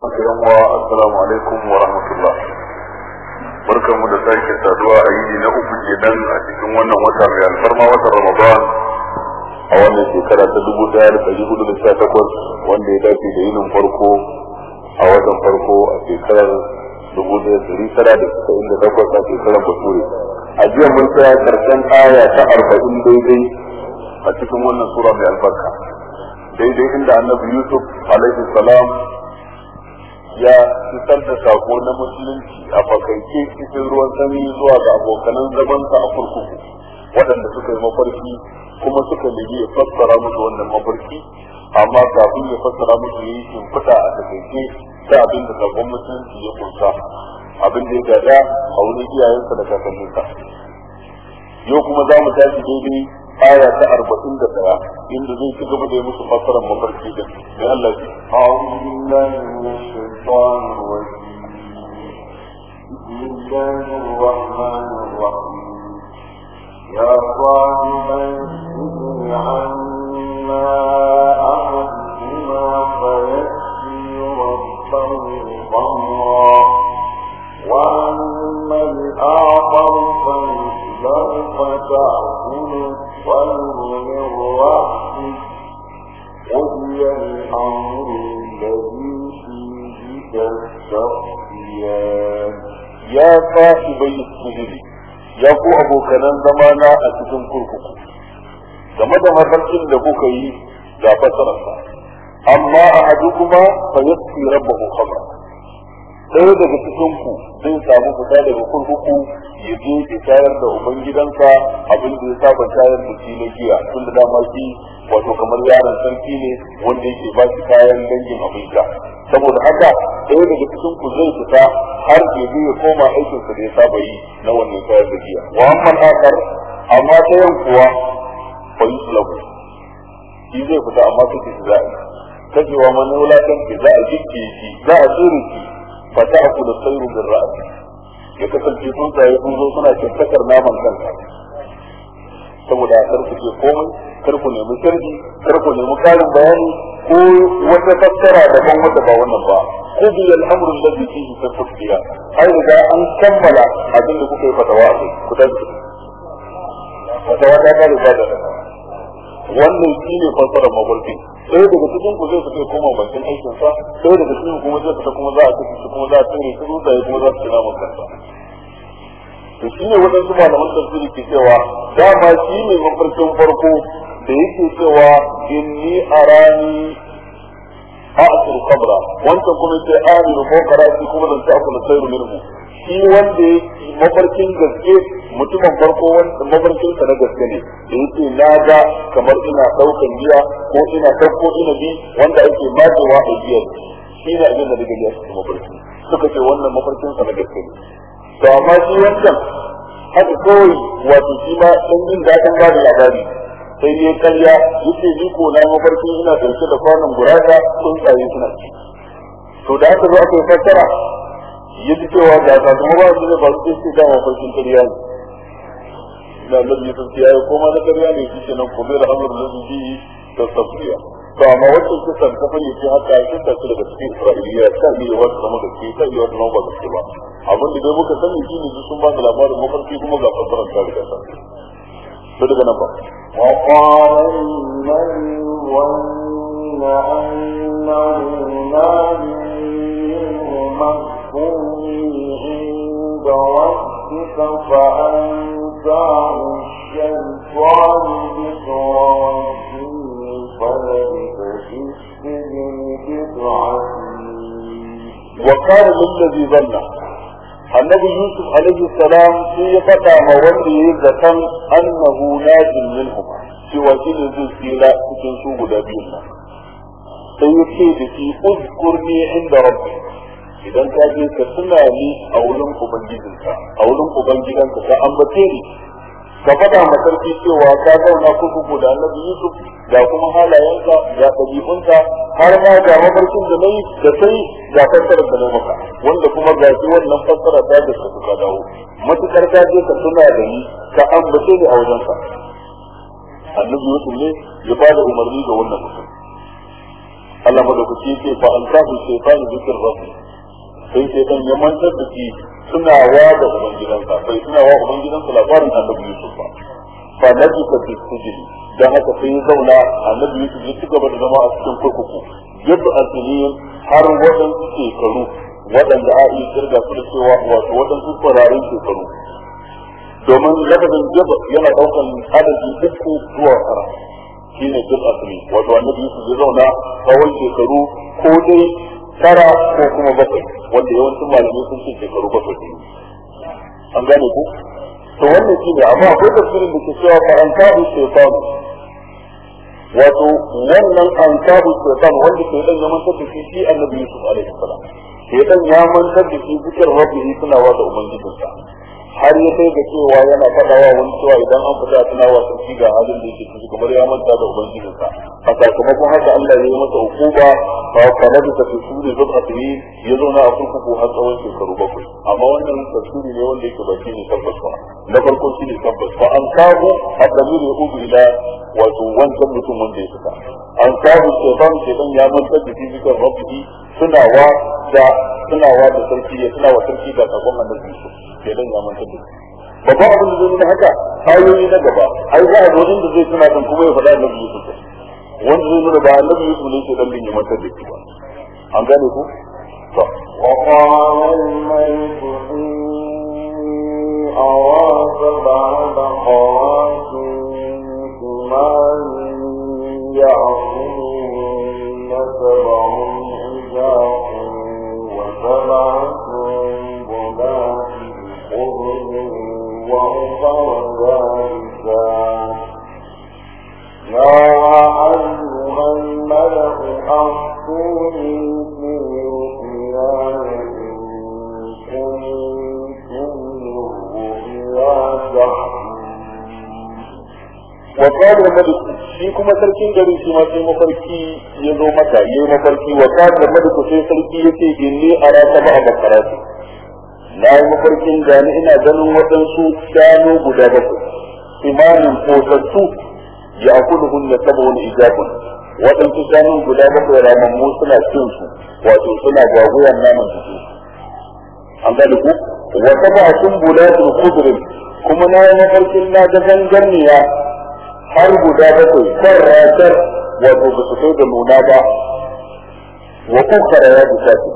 Assalamu alaikum wa rahmatullah. Barkan mu da sake saduwa a yi na uku kenan a cikin wannan wata mai alfarma watan Ramadan a wannan shekara ta dubu ɗaya da ɗari hudu da sha takwas wanda ya dace da yinin farko a watan farko a shekarar dubu ɗaya da ɗari tara da casa'in da takwas a shekarar Bature. A jiya mun tsaya karshen aya ta arba'in daidai a cikin wannan sura mai albarka. Daidai inda annabi Yusuf alaihi salam ya fitar da sako na musulunci a fakaice cikin ruwan sanyi zuwa ga abokanan zamansa a kurkuku waɗanda suka yi mafarki kuma suka nemi ya fassara musu wannan mafarki amma kafin ya fassara musu ya yi shimfiɗa a takaice ta abin da sabon musulunci ya kunsa abin da ya gada a wani iyayensa da kakanninsa yau kuma za mu tashi daidai آية ta arba'in إن daya inda zai ci gaba da yi musu أعوذ بالله من الشيطان الرجيم بسم الله الرحمن الرحيم يا صاحب السجن عما أحدهما فيكفي ربه ضمرا وأما الآخر فيسلم فتأكل والفضل من ربك قضي الأمر الذي فيه تستخفيان يا صاحبي السجن يا ku abokanan zamana a cikin kurkuku game da mafarkin da kuka yi ga fasararsa amma a hadu kuma fa yasfi rabbahu khabara ɗaya daga cikin ku zai samu fita daga kurkuku ya je ya tayar da ubangidansa abin da ya saba tayar da shi na jiya. tun da dama shi wato kamar yaron sarki ne wanda yake ba shi kayan dangin abin saboda haka ɗaya daga cikin ku zai fita har ke je ya koma aikinsa da ya saba yi na wannan tayar da jiya wa amman akar amma ɗayan kuwa fa yi sulabu shi zai fita amma kake shi za'a wa Manola wulatanci za a jikke shi za a tsiri shi فتأكل الطير بالرأس يكفل في صنطة يقول صنع كتكر ما من كان ثم لا ترك في قوم ترك نمو سرجي ترك نمو كالم بياني وتفكر على قوم متفاوى النبا قضي الأمر الذي فيه تفكر فيها أي إذا أن كمل أدل بكي فتواعي كتابك فتواعي كتابك wannan shi ne fassarar mafarki sai daga cikin ku zai fita koma bakin aikin sa sai daga cikin kuma zai fita kuma za a kashe su kuma za a tsere su zuwa kuma za su kira makarta kansa to shi ne waɗansu malaman tafsiri ke cewa dama shi ne mafarkin farko da yake cewa inni arani a'tul kabra wancan kuma sai da ko karatu kuma zan ta akula da mirmu shi wanda ya mafarkin gaske mutumin farko wanda mafarkin sa na gaske ne da yake na ga kamar ina daukan giya ko ina ina inabi wanda ake matsewa a giyar shi ne abin da daga ya su mafarki suka ce wannan mafarkin sa na gaske ne to amma shi wancan haka kawai wato shi ma ɗan jin daɗin ba da labari sai ne karya yake ni ko na mafarkin ina ɗauke da kwanon gurasa sun tsaye suna ci to da aka zo aka yi fassara ya ji cewa ga ba su ne ba su ce dama farkin karya ne na Allah ya tafi yayi koma na karya ne shi na ko da amur da su yi da tafsiriya to amma wacce san ta fanye ce haka ya kinta su daga cikin isra'iliya ta iya wata zama da ke ta iya wata zama ba gaske ba abin da dai muka sani shi ne sun ba da labarin mafarki kuma ga fassarar ta riga ta daga nan ba وقال ظن أنه ناجي الشيطان بصراطه فلبث في السجن بضع وقال للذي ظن النبي يوسف عليه السلام في فتى مولي زكن أنه ناج منهما سوى شيء زي سيلا cikin su guda biyun nan sai ya idan ka je ka suna ni a wurin ubangijinka a wurin ubangijinka ka ambace ni ka faɗa ma sarki cewa ka zauna kurkuku da annabi yusuf ga kuma halayenka ga ɗabi'unsa, har ma ga mafarkin da nayi da sai ga fassara da maka wanda kuma ga shi wannan fassara ta da suka dawo matukar ka je ka suna da ni ka ambace ni a wajenka annabi yusuf ne ya bada umarni ga wannan mutum Allah madaukaki ce fa an tafi shaytan zikr rabbi sai sai dan ya mantar da shi suna wa da gidansa sai suna wa gidansa labarin annabi Yusuf ba fa nabi ka fi sujin dan haka sai ya zauna annabi Yusuf ya cigaba da zama a cikin kurkuku yadda asinin har waɗansu shekaru waɗanda a iya kirga su da cewa wato waɗansu kwararin shekaru domin lafazin jaba yana ɗaukan adadi uku zuwa tara shi ne jaba asini wato annabi Yusuf ya zauna tsawon shekaru ko dai tara ko kuma bakwai wanda yawancin malamai sun ce shekaru bakwai ne an gane ku to wannan shi ne amma akwai tafsirin da ke cewa karanta da shekaru wato wannan an tabu shaitan wanda ke dan yaman tabbata shi shi annabi Yusuf alaihi salam shaitan ya mantar da shi zikir yi tunawa da ubangijinsa har ya kai ga cewa yana fadawa wani cewa idan an fita tunawa sarki ga halin da yake ciki kamar ya manta da ubangijinsa a sakamakon haka Allah ya yi masa hukuma fa ka rabu ta tsuri zuwa tsiri ya zauna a kurkuku ko har tsawon shekaru bakwai amma wannan tsuri ne wanda yake baki ne tabbas ba na farko shi ne tabbas fa an kawo a dalili ya ubi da wato wancan mutum wanda ya fita an kawo shi ban dan ya manta da fizikal rabbi suna wa da suna wa da sarki ya suna wa sarki da sabon annabi su ke dan ya manta da babu abin da zai haka hayoyi na gaba ai za a zo din da zai suna kan kuma ya fada annabi su wanda zai nuna ba annabi yusuf ne ke dan bin ya da shi ba an gane ku to wa qala al-malik ذلك يا أيها الملأ أفتوني في رؤياي إن kuma sarkin gari shi ma sai mafarki ya zo maka yayi mafarki wa kada madu ko sai sarki na yi mafarkin gani ina ganin waɗansu gano guda bakwai imanin kosassu ya'kuluhunna sab'un ijabun waɗansu shanun guda bakwai ramammu suna cin su wato suna jagoyan naman jiki an gani ku wa saba sun bulatu kudrin kuma na yi mafarkin na ga zanganniya har guda bakwai kan ratar wato ba su kai da nuna ba wa kukkara ya bisa su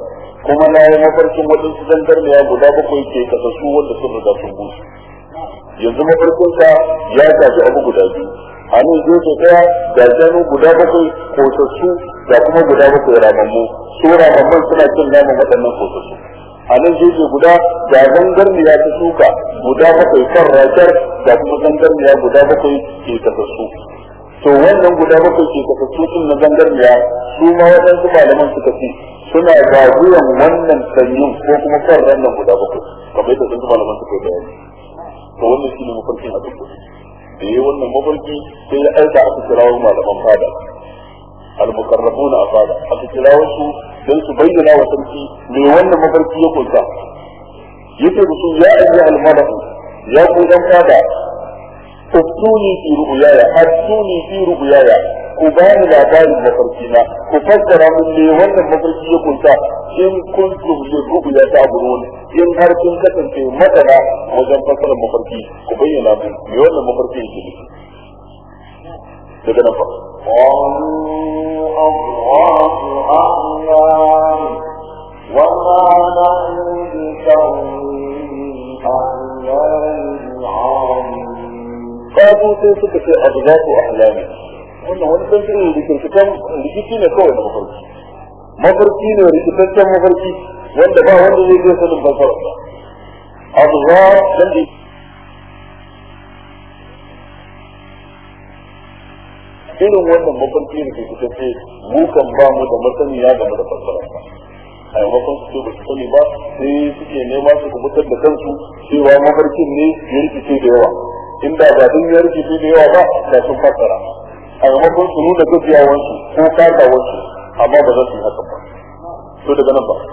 kuma na yi mafarkin waɗansu zanganniya guda bakwai ke kasassu wanda sun riga sun bushe yanzu mafarkin sa ya tafi abu guda biyu a nan gefe ɗaya da shanu guda bakwai kosassu da kuma guda bakwai ramammu su ramammun suna cin naman waɗannan kosassu a nan gefe guda da ya ta suka guda bakwai kan rakar da kuma ya guda bakwai ke kasassu to wannan guda bakwai ke kasassu din na ya su ma waɗansu malaman suka ce suna gaguyan wannan sanyin ko kuma kan wannan guda bakwai kamar yadda sun malaman suka bayani to wannan ne mafarkin a duk da yi wannan mafarki sai ya aika a aka kirawo malaman fada al-mukarrabun a fada aka kirawo su don su bayyana wa sarki me wannan mafarki ya kunsa yake da su ya ajiye al-malaku ya ku dan fada Uftuni fi ru'yaya, hattuni fi ru'yaya, ku bani labarin mafarki na ku fassara min me wannan mafarki ya kunta in kuntum li ru'ya ta'burun in har kun kasance madana wajen fassara mafarki ku bayyana min me wannan mafarki yake nufi daga nan fa Allahu وما نحن بتأويل أحلام العالمين قالوا تلك أضغاث أحلامه wannan wani ɗan irin rikirkitan rikici ne kawai na mafarki mafarki ne rikitaccen mafarki wanda ba wanda zai zai sanin fassarar ba abu za dan da irin wannan mafarki rikitacce mu kan ba mu da masaniya game da fassarar ba a mafarki su ba su sani ba sai suke nema su kubutar da kansu cewa mafarkin ne ya rikice da yawa inda ba dun ya rikice da yawa ba da sun fassara a maimakon su nuna gajiyawansu ko kasawarsu amma ba za su yi haka ba to daga nan ba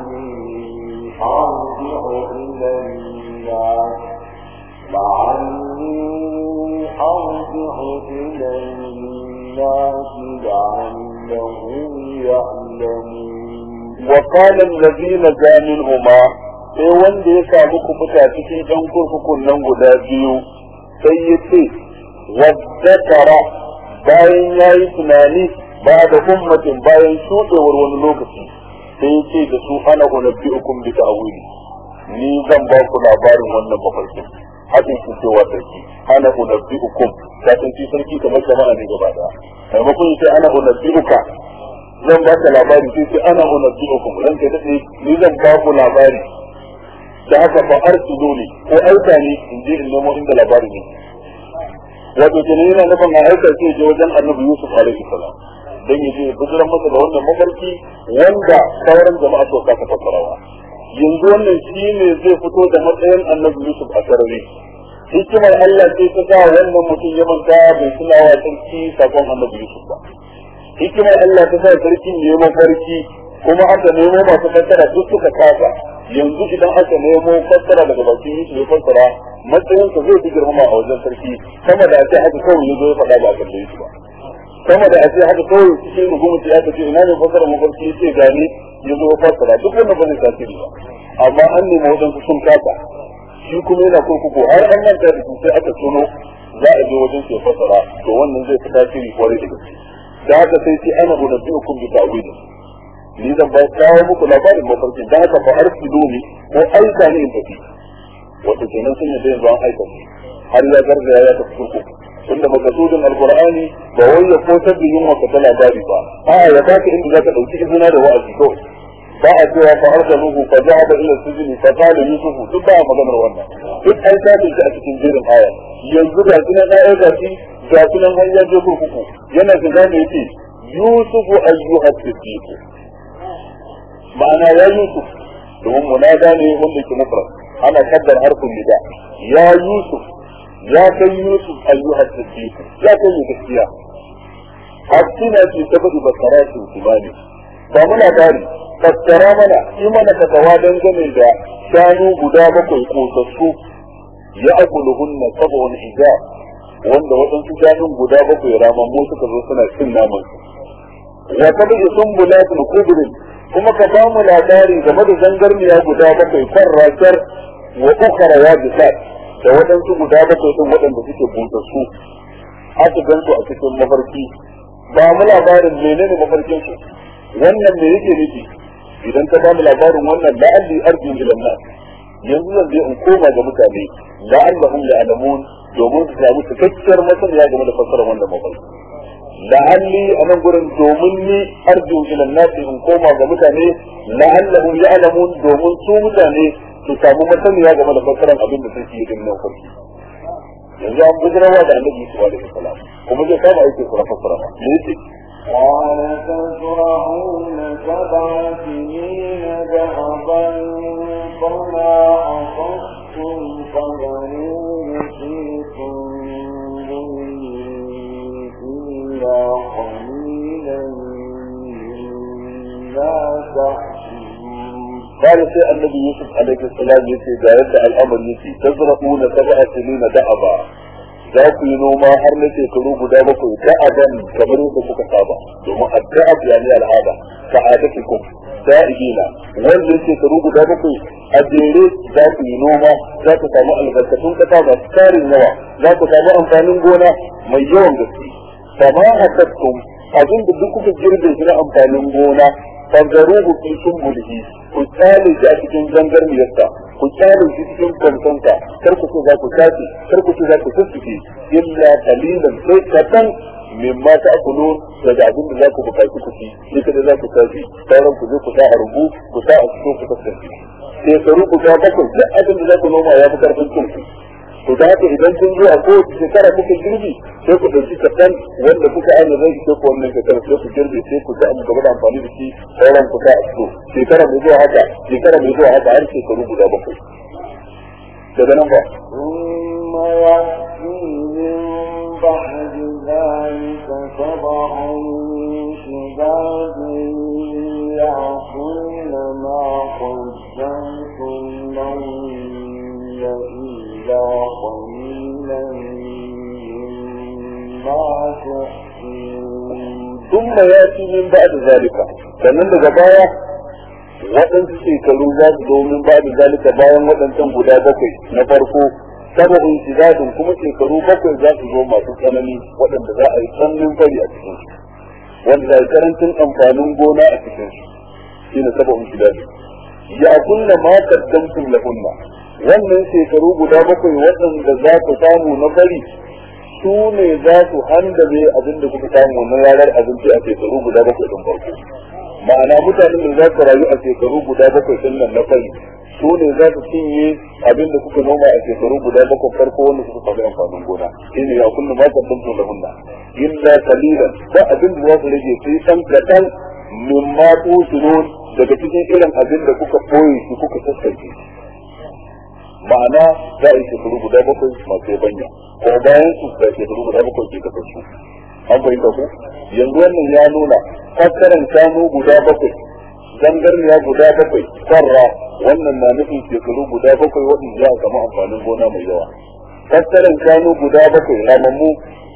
وقال الذين جاء منهما sai wanda ya samu kubuta cikin dan kurkukun nan guda biyu sai ya ce bayan ya yi tunani ba da ummatin bayan shuɗewar wani lokaci sai ce da su ana hunabbi hukum bi ta'wili ni zan ba ku labarin wannan mafarkin hakan ku cewa sarki ana hunabbi hukum da san shi sarki kamar jama'a ne gaba da maimakon sai ana hunabbi uka zan ba ka labari sai ce ana hunabbi hukum ran ka dade ni zan ba ku labari da haka ba arsudu dole ko aika ne in je in nemo inda labarin ne wato kenan yana nufin a aika ce je wajen annabi yusuf alaihi salam dan yi je bujuran masa da wannan mafarki wanda sauran jama'a su ka tafasarawa yanzu wannan shi ne zai fito da matsayin annabi Yusuf a sarari hikimar Allah sai ta sa wannan mutum ya manta bai tuna wa sarki sakon annabi Yusuf ba hikimar Allah ta sa sarkin ya mafarki kuma aka nemo masu fassara duk suka kasa yanzu idan aka nemo fassara daga bakin Yusuf ya fassara matsayinsa zai fi girmama a wajen sarki sama da ake haka kawai ya zo ya faɗa ba a kalle shi ba sama da ake haka kawai cikin hukumar ya ta ce ina ne fasara mafarki ya ce gani ya zo fasara duk wannan ba zai tasiri ba amma an nemi waɗansu sun kasa shi kuma yana kurkuku har an manta da su sai aka tuno za a je wajen su fasara to wannan zai fi tasiri kwarai da gaske da haka sai ce ana unabbi'ukum bi ta'wili ni zan ba kawo muku labarin mafarkin da haka fa arfi domi ko aika ne in tafi wato kenan sun yi da yanzu an aika har ya garzaya ya tafi kurkuku tunda makasudin alqur'ani ba wai ya kosar da yunwa ka tana dadi ba a ya baka inda za zaka dauki izina da wa'azi ko ba a cewa fa arsaluhu da ja'ala ila sujudi fa qala Yusufu duk ba maganar wannan duk an tafi shi a cikin jirin aya yanzu ga kina da aika shi ga kina har ya je kurkuku yana shiga ne yace yusuf ayyuha siddiq ma'ana ya yusuf domin munada ne wanda ke mufrad ana kaddar harfin nida ya yusuf ya kai yusuf ayyuhar tafi ya kai yi gaskiya hakina ce ta ba kara ce su ba ne ba muna bari Tattara mana yi mana don dangane da shanu guda bakwai kosassu ya saba sabon hijab wanda waɗansu shanun guda bakwai ramammu suka zo suna cin naman ya kada da sun bulatin kudurin kuma ka ba mu labari game da zangarniya guda bakwai kan rakar wa ukara ya bisa da waɗansu guda bakwai ɗin waɗanda suke busassu aka gansu a cikin mafarki ba mu labarin menene mafarkin su wannan me yake nufi idan ka ba mu labarin wannan la'alli arjun ila nas yanzu zan je in koma ga mutane la'allahum alamun domin su samu cikakkiyar masaniya game da fassarar wannan mafarki la'alli a nan gurin domin ni arjun ila nas in koma ga mutane la'allahum ya'lamun domin su mutane su samu masaniya game da fassaran abin da sun yi din nan kurki yanzu an bujirawa da annabi su alaihi salam kuma zai kama aikin su na fassara ba ne yake قال تزرعون سبع سنين ذهبا فما أخذتم فغنوا يصيكم به إلا قليلا مما تحسنون قال سيء النبي يوسف عليه السلام يكي جاهد الامر يكي تزرقون سبع سنين دعبا ذات ينوما هر نكي قلوب دابك دعبا كبريك سكتابا ثم الدعب يعني العادة فعادتكم دائجين والذي تروب دابك أديريك ذات ينوما ذات طمع الغلقتون كتابا ستار النوع ذات طمع انفانين قونا مليون دسي فما هتبتم أجل بدوكم الجرد هنا انفانين قونا fanzaruhu fi sumbulihi ku tsale shi a cikin zangarniyarsa ku tsale shi cikin kwamfanta kar ku ce za ku tafi kar ku ce za ku sussuke illa kalilan sai kaɗan mimma ta akulu daga abin da za ku buƙaci ku ci shi kada za ku tafi sauran ku je ku sa a rubu ku sa a cikin ku kasance shekaru ku ta bakwai duk abin da za ku noma ya fi ƙarfin cin to da haka idan kun zo a kowace shekara kuka girbi sai ku ɗauki kaɗan wanda kuka aina zai ku ku wannan shekara sai ku girbi sai ku ga an gaba da amfani da shi sauran ku sa a ciko shekara mai zuwa haka shekara mai zuwa haka har shekaru guda bakwai daga nan ba. ثم يأتي من بعد ذلك سبع شداد يعصين ما قدمت قليلا مما تحسنون ثم يأتي من بعد ذلك sannan daga baya waɗansu shekaru za su zo min ba da zalika bayan waɗancan guda bakwai na farko sababin shidadin kuma shekaru bakwai za su zo masu tsanani waɗanda za a yi tsannin fari a cikin su wanda za a yi karancin amfanin gona a cikin su shi ne sababin shidadin ya kunna ma kaddamtum lahunna wannan shekaru guda bakwai waɗanda za ku samu na bari su ne za su handame abin da kuka samu na yarar abinci a shekaru guda bakwai ɗin farko ma'ana mutanen da za su rayu a shekaru guda bakwai ɗin nan na bari su ne za su cinye abin da kuka noma a shekaru guda bakwai farko wanda kuka samu amfanin gona shi ne ya kullum ma kan tuntun da hunna illa kalilan ba abin da za su rage sai ɗan kaɗan mimma tutunun daga cikin irin abin da kuka koyi shi kuka sassauce ma'ana za a yi shekaru guda bakwai masu banya ko bayan su da shekaru guda bakwai ke kasar su an fahimta ku yanzu wannan ya nuna fassaran shanu guda bakwai zangarniya guda bakwai sarra wannan na nufin shekaru guda bakwai waɗanda za a samu amfanin gona mai yawa fassaran shanu guda bakwai ramammu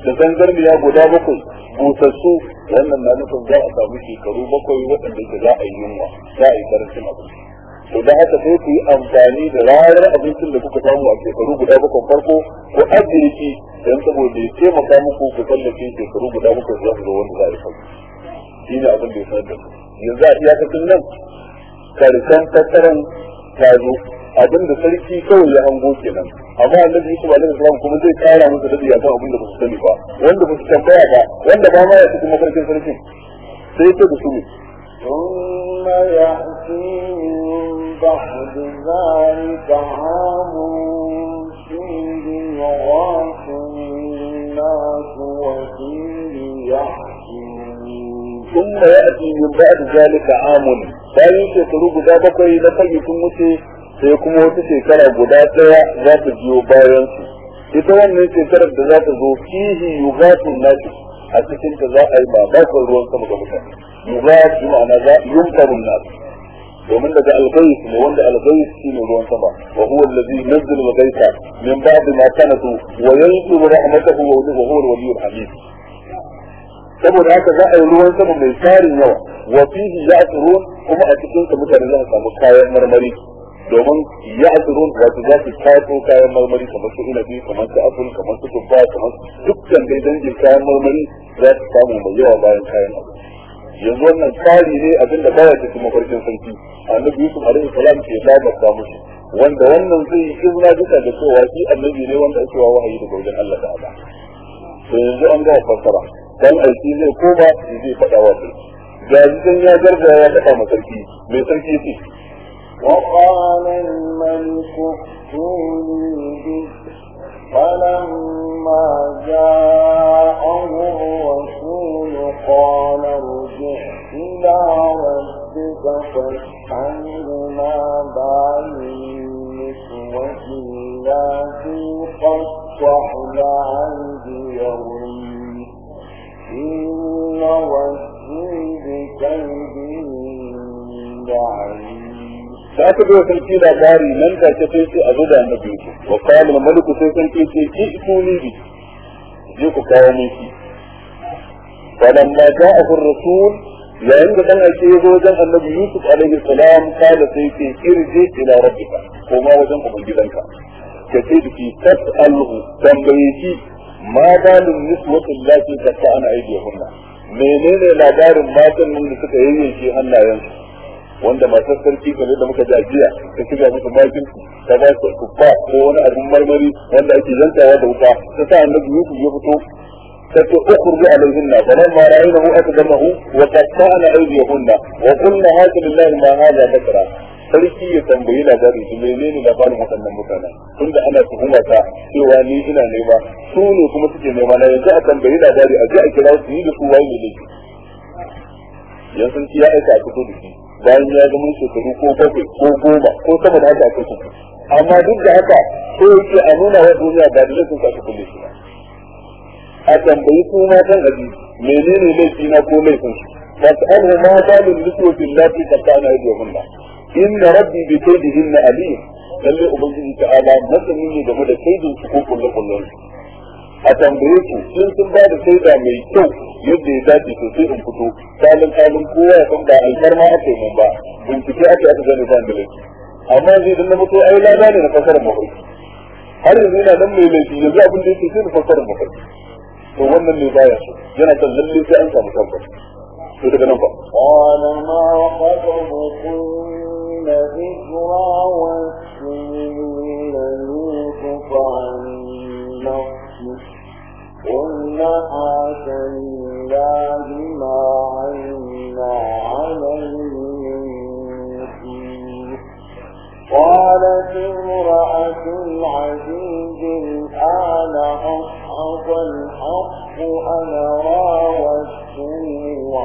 da zangarniya guda bakwai busassu wannan na nufin za a samu shekaru bakwai waɗanda za a yi yunwa za a yi karancin abinci idan aka sai ku yi amfani da ranar abincin da kuka samu a shekaru guda bakwai farko ko ajiye don saboda ya taimaka muku ku tallafe shekaru guda bakwai zuwa ga wanda za a yi sauki shi ne abin da ya sanar da yanzu a iyakacin nan karshen tattaran ta zo abin da sarki kawai ya hango kenan amma annabi yusuf alaihi salam kuma zai kara musu da iyakan abin da ba su sani ba wanda ba su tambaya ba wanda ba ma ya cikin mafarkin sarkin sai ta da su ne ثم يأتي بعد ذلك عام فيه يغاث الناس وفيه يحكمون ثم يأتي من بعد ذلك عام bayan shekaru guda bakwai na fage sun wuce sai kuma wata shekara guda ɗaya bayan su ita wannan shekarar da za ta zo fihi yugatu nasu a cikin ta za a yi mamakon ruwan sama ga mutane yugatu ma'ana za yumtarun nasu ومن لدى الغيث ومن لدى الغيث في مجوان سما وهو الذي نزل الغيث من بعض ما كانت وينصر رحمته وهو الولي الحميد كما رأيك ذا أيلوان سما من كار النوع وفيه يأثرون كما أتكين كمتر الله سامو كايا مرمري domin ya azurun da su za su kawo kayan marmari kamar su inabi kamar su apple kamar su tuffa kamar dukkan dai dangin kayan marmari za su samu mai yawa bayan kayan abu yanzu wannan tsari ne abin da baya cikin mafarkin sarki annabi yusuf alaihi salam ke labarta musu wanda wannan zai yi izina duka da cewa shi annabi ne wanda ake wa wahayi daga wajen Allah ta'ala to yanzu an gawa fassara dan aiki zai koma shi zai faɗa wa sarki ga ya garga ya faɗa ma sarki mai sarki yake وقال الملك ائتوني به فلما جاءه الرسول قال ارجع إلى ربك فاسأله ما بال النسوة التي قطعن أيديهن إن ربي بكيدهن عليم ta ta bai sarki labari nan da ta sai sai a da na biyu wa kawo maliku sai sarki ce ki tuni bi je ku kawo min shi falamma ja'a ar-rasul yayin da dan ake yazo wajen annabi yusuf alaihi salam kala sai ce irji ila rabbika ko ma wajen ubangidanka ka ce da ki tas'aluhu tambaye shi ma dalil niswatu allati taqta'ana aydihunna menene labarin matan nan da suka yayyanke hannayensu wanda matar sarki kamar yadda muka ji jiya ta shiga musu bakin ta ba su tuffa ko wani abin marmari wanda ake zantawa da wuta ta sa annabi Yusuf ya fito ta ce ukhruju alayhinna falamma ra'aynahu atadamahu wa ya aydiyahunna wa qulna hadha lillahi ma hadha bakra sarki ya tambayi labarin su menene labarin waɗannan mutanen tunda ana tuhuma ta cewa ni ina nema su ne kuma suke nema na yanzu a tambayi labari a ji a kira su yi da su waye ne yanzu ya aika a fito da shi bayan ya zama shekaru ko bakwai ko goma ko sama da haka ake kuku amma duk da haka ko yake a nuna wa duniya da duk sun kashe kulle shi a tambayi su matan abi menene laifi na ko laifin shi fas'alu ma balul nusutin lati qatana yadihunna inna rabbi bi kaydihinna alim lalle ubangiji ta'ala masani ne game da kaidin su ko kullu kullun a tambaye ku sun sun ba da shaida mai kyau yadda ya dace to sai in fito kalin kalin kowa ya san ba alfarma aka yi mun ba bincike aka aka gani ba da laifi amma zai idan na mutu ai lada ne na fasara mafarki har yanzu yana nan mai laifi yanzu abin da yake sai na fasara mafarki to wannan ne baya su yana son lalle sai an samu tabbas to daga nan fa qala ma khatabukum la dhikra الآن أصحب الحق أنا راوشه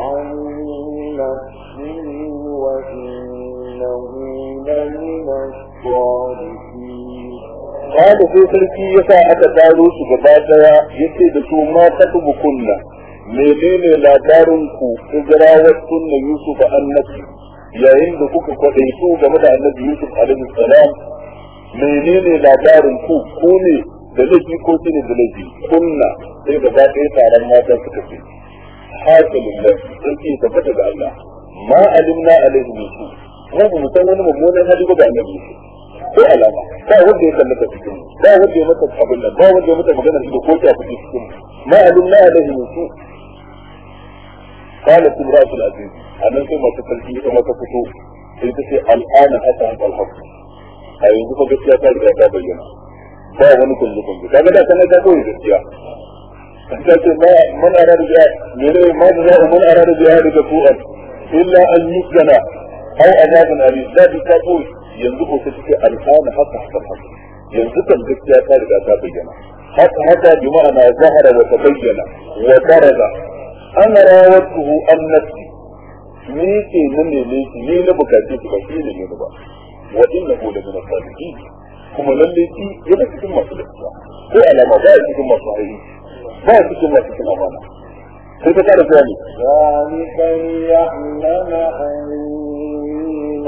عن نفسي وإنه من الصالحين هذا في سلسي يسا حتى داروس بباسا يسيد سوما كتب كنا مدين لا دارنكو إذا يوسف أنك يا إن كوكو قد يسوع جمد النبي يوسف عليه السلام menene labarin ku ko ne da laji ko shi ne da laji kunna sai da ba ɗaya taron mata suka ce hasilin da sun ce tabbata da Allah ma alimna alaihi musu kuma ba mu san wani mummunan hali ba da annabi ko alama ba wanda ya kallata cikin ba wanda ya mata abin nan ba wanda ya mata magana da ko ta cikin cikin ma alimna alaihi musu قالت امرأة العزيز أنا كما تفلتي كما تفتو قلت الآن أتى الحق a yanzu fa gaskiya ta riga ta bayyana ba wani kullu kullu kaga da sanar da koyi gaskiya ta ce ma man arada biya mene ma da za man arada biya daga fu'an illa an yusjana aw azabun alim da ta koyi yanzu ko ta ce al'ana haka haka haka yanzu kan gaskiya ta riga ta bayyana haka haka bi ma'ana zahara wa tabayyana wa taraza an rawatuhu an nafsi ni ke na neme shi ni na bukace shi ba shi ne ba وإنه لمن الصالحين كما للي في يبقى تكون مصلحة هو على ما بقى ثم مصلحين بقى تكون مصلحة الأمانة كيف تعرف ذلك؟ ذلك ليعلم أن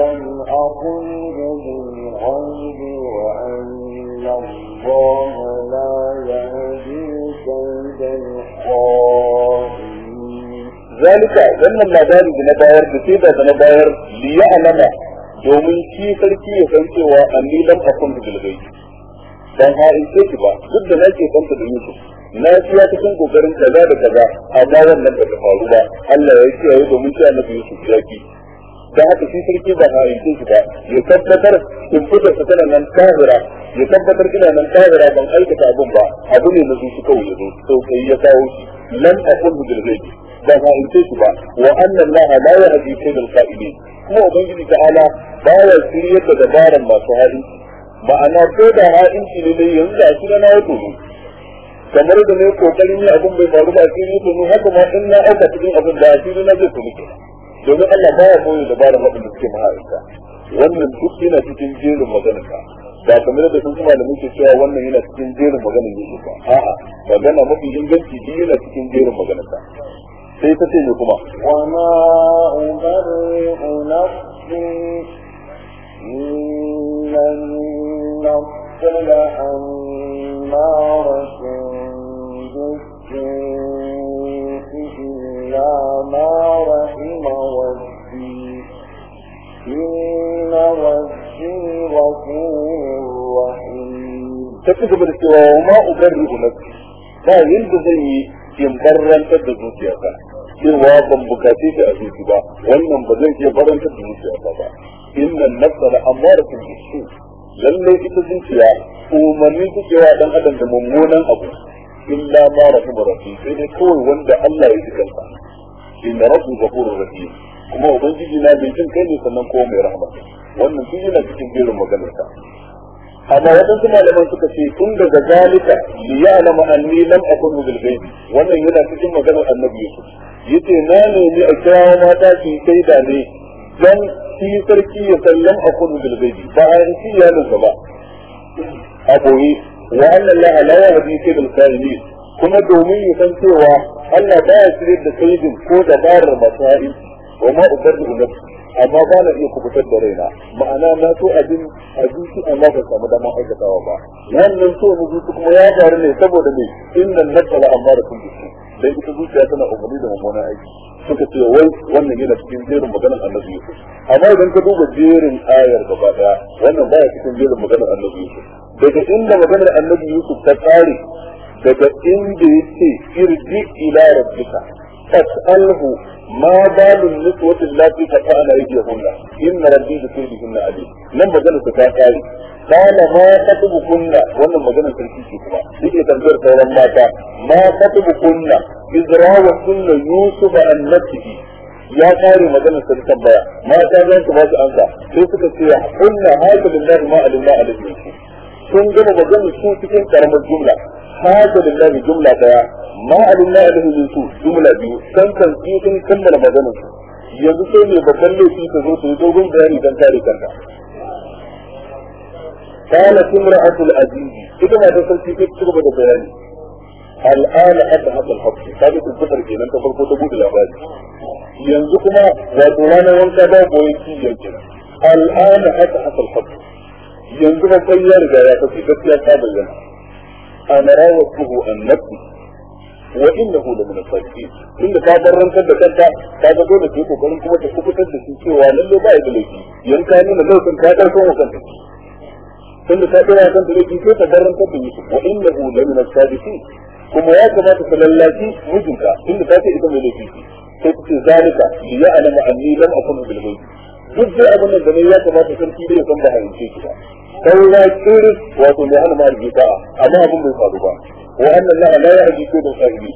لم أقل بالغيب وأن الله لا يهدي كيد الخائن ذلك ظن ما ذلك نباير بسيطة نباير ليعلم domin shi sarki ya san cewa anni lam akun bil ghaib dan ha in sai ba duk da nake kanta da Yusuf na ci ya cikin kokarin kaza da kaza amma wannan nan ta faru ba Allah ya kiyaye domin cewa Annabi Yusuf ya ki da haka shi sarki ba harince shi ba ya tabbatar in fita su tana nan tahira ya tabbatar ina nan tahira ban aikata abin ba abu ne na zuci kawai ya zo to kai ya kawo shi lan aqul bil ghaib ba harince shi ba wa anna allaha la yahdi da qa'ilin kuma ubangiji ta'ala ba ya shiryar da dabaran masu halin ma'ana ko da ha'inci ne dai yanzu da shi na wato ne kamar da ne kokarin yi abin bai faru ba shi ne to haka ma in na aka cikin abin da shi na zai tuni kenan domin Allah ba ya koyi dabarar waɗanda suke mahaifa wannan duk yana cikin jerin maganarka ba kamar da sun kuma da muke cewa wannan yana cikin jerin maganar ba a'a magana mafi inganci shi yana cikin jerin maganarka sai ta ce ne kuma wa ma ubarri'u nafsi innan nafsi la ammaratun bisu إلا ما رحم ربي إن ربي غفور رحيم تكتب الكوى وما أبرئ نفسي ba yadda zan yi in barrantar da zuciyata cewa ban bukace ta a zuci ba wannan ba zai iya barrantar da zuciyata ba lallai ita zuciya umarni ta wa dan adam da mummunan abu illa ma rahim rabbi sai dai kawai wanda Allah ya ji kansa inna rabbi ghafurur rahim kuma ubangiji na bai jin kai ne sannan kowa mai rahama wannan shi yana cikin jerin maganarsa amma waɗansu malaman suka ce tun daga zalika li ya'lama anni lam akun bil ghaib wannan yana cikin maganar annabi Yusuf yace na nemi a kirawo mata su sai da ne dan shi sarki ya san sallam akun bil ghaib ba a yi ya ba a boye وأن الله لا يهدي كيد الخائنين كما دومي يسمتوا الله باسرد سيد الكود دار المصائب وما أبرده نفسه amma ba na iya kubutar da raina ma'ana na so abin a zuci amma ba samu dama aikatawa ba wannan so na zuci kuma ya faru ne saboda me innan nakala amma da kun jiki dan ita zuciya tana umarni da mummunan aiki suka ce wai wannan yana cikin jerin maganar annabi Yusuf amma idan ka duba jerin ayar gaba daya wannan baya cikin jerin maganar annabi Yusuf daga inda maganar annabi Yusuf ta tsari daga inda yace irji ila rabbika فاسأله ما بال النسوة التي تقعن أيديهن إن ربي بكلهن عليم لما جلس تاكاري قال ما خطبكن وانا ما جلس تركيكي كما يجي تنبير سورا ماتا ما خطبكن إذ راوكن يوسف عن نفسه يا kare ما sa tambaya mata za su ba su ansa sai suka ce kunna haka billahi ma alimna sun gama magana su cikin karamar jumla haka lillahi jumla daya ma alillahi alaihi su jumla biyu san san su sun kammala maganar su yanzu sai mai babban laifi ta zo su yi dogon bayani don kare kanta قالت امرأة العزيز إذا ما تصلت في تربة بياني الآن أذهب الحبس هذه الكفر كنا تفرق تبوك الأباد ينزقنا وطلانا وانتباب ويكي يجنا الآن أذهب الحبس yanzu ba kai ya riga ya tafi gaskiya ta bayyana ana rawa kuhu an nafi wa innahu la min as-sadiqin inda ka barrantar da kanta ta ga dole ke kokarin kuma ta kubutar da shi cewa lalle ba ya da laifi yan ka nuna laifin ka karko wa kanta tunda ta kira kan da laifi sai ta barrantar da yusuf wa innahu la min as-sadiqin kuma ya kamata ka lallaci mijinka tunda ka ce ita mai laifi sai ta ce zalika ya alama anni lam akun bil duk dai abin da ne ya kamata sarki dai ya san ba hayyance shi ba saura kiri wato mai hana ma'arji ba'a amma abin bai faru ba wa annan la'a la ya aji kodin sahibi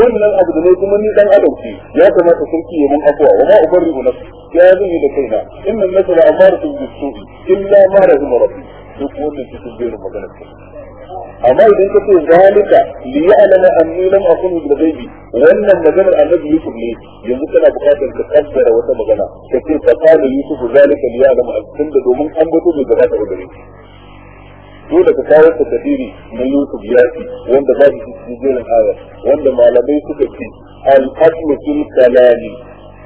wannan abu da ne kuma ni dan adam ce ya kamata sarki ya mun afwa wa ma ubarri'u na ya zai da kaina innan nasa la amaratu bis illa ma rahima rabbi duk wannan cikin jerin maganar amma idan ka ce zalika li ya'lama anni lam akun bil ghaibi wannan maganar annabi Yusuf ne yanzu kana bukatar ka kaddara wata magana ka ce fa qala Yusuf zalika li ya'lama tunda domin an bato mai gabata ba gare shi dole ka kawo ka kadiri na Yusuf ya ci wanda za su ci jerin ayar wanda malamai suka ci al-aslu fil kalami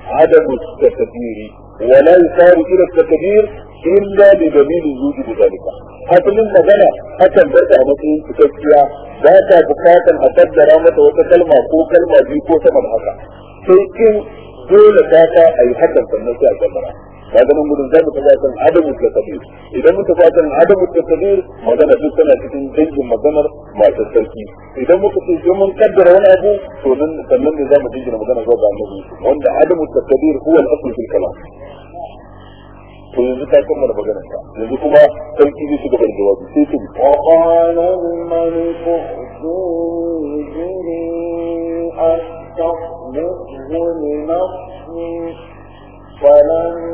عدم التكبير ولا يصار الى التكبير الا بدليل وجود ذلك حتى لما بنى حتى برجع matsayin cikakkiya ba ta bukatan a taddara mata wata kalma ko kalma biyu ko sama haka sai dole ta ta a yi hakan sannan sai a kaddara ka ga nan gudun zamu kaza kan adamu ta kabir idan muka kaza kan adamu ta kabir magana duk tana cikin dangin maganar masu sarki idan muka ce sai mun kaddara wani abu to nan sannan ne zamu dingina magana zuwa ga annabi wanda adamu ta kabir huwa al-asl fil kalam to yanzu ta kammala maganar ta yanzu kuma sarki zai shiga da jawabi sai ce wa qala al-maliku أستخلصه نفسي كلمه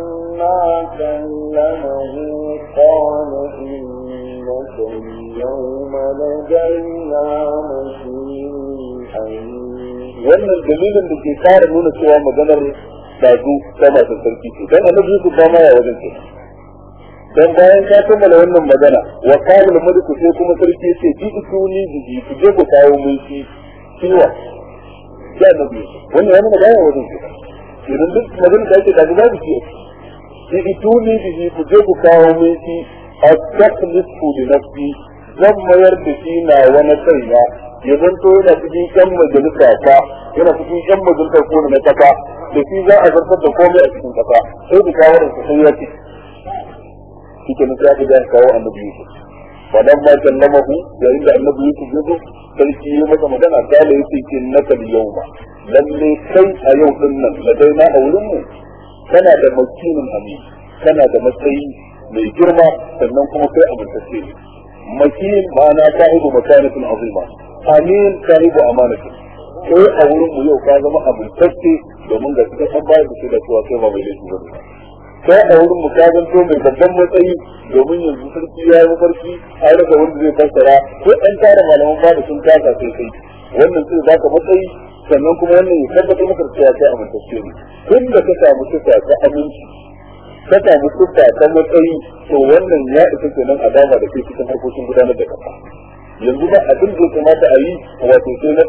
قال إنكم يوم لدينا wannan dalilin da ke kara nuna cewa maganar dazu ta masu sarki ce don annabi Yusuf ba ma ya wajen bayan ka kammala wannan magana wa kamul mulku sai kuma sarki ce ji ku ni je mun wannan ya nuna baya wajen shi idan duk ituni ku je ku kawo min shi zan mayar da shi na wani sanya ya zanto yana cikin yan majalisa ta yana cikin majalisa ko na kasa da shi za a zartar da komai a cikin kasa sai da kawo da su ya ce shi ke nufi kawo annabi Yusuf فلما كلمه وعند النبي يسجد سيكي مكة مدنة قال يسيك إنك اليوم لم يكي أيو سنن لدينا أولمه كان هذا مكين أمين كان هذا مكين لجرمة سنن كما في أبو التسليم مكين معنا صاحب مكانة عظيمة أمين صاحب أمانة ko a wurin mu yau ka zama abin takke domin ga cikin an bayar da shi da cewa kai ba mai laifi ba Sai a wurin mukazan to mai babban matsayi domin yanzu sarki ya yi mafarki a daga wanda zai fassara ko an tara malaman bada sun kasa sai kai wannan sai za ka matsayi sannan kuma wannan ya tabbatar maka cewa kai amintacce ne tun da ka samu sifa ta aminci ka samu sifa ta matsayi to wannan ya isa kenan a dama da kai cikin harkokin gudanar da kafa yanzu ba abin da ya kamata a yi wato sai na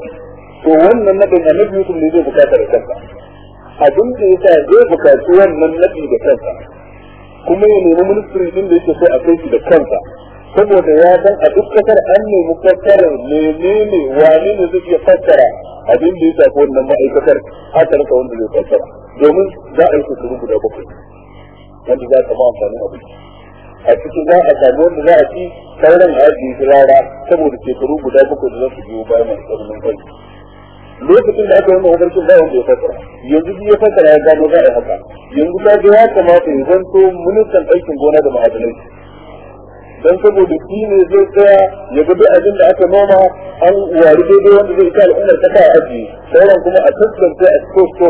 to wannan na ɗan annabi mutum ne zai bukatar da kanka abin da ya sa zai bukaci wannan nabi da kansa kuma ya nemi ministry din da yake so a kai shi da kansa saboda ya san a duk kasar an nemi fassarar menene wani ne zai iya fassara abin da ya shafi wannan ma'aikatar haka rasa wanda zai fassara domin za a yi su suru guda bakwai wanda za ka ma amfani abu a cikin za a sami wanda za a ci sauran a yi rara saboda shekaru guda bakwai da za su biyo bayan masu tsarnin kai lokacin da aka yi mafarkin ba wanda ya fasara yanzu ya fasara ya gano za a haka yanzu ta ga ya kamata ya zanto ministan aikin gona da ma'adanai don saboda shi ne zai tsaya ya bi abin da aka noma an wari daidai wanda zai ta al'ummar kasa a aji sauran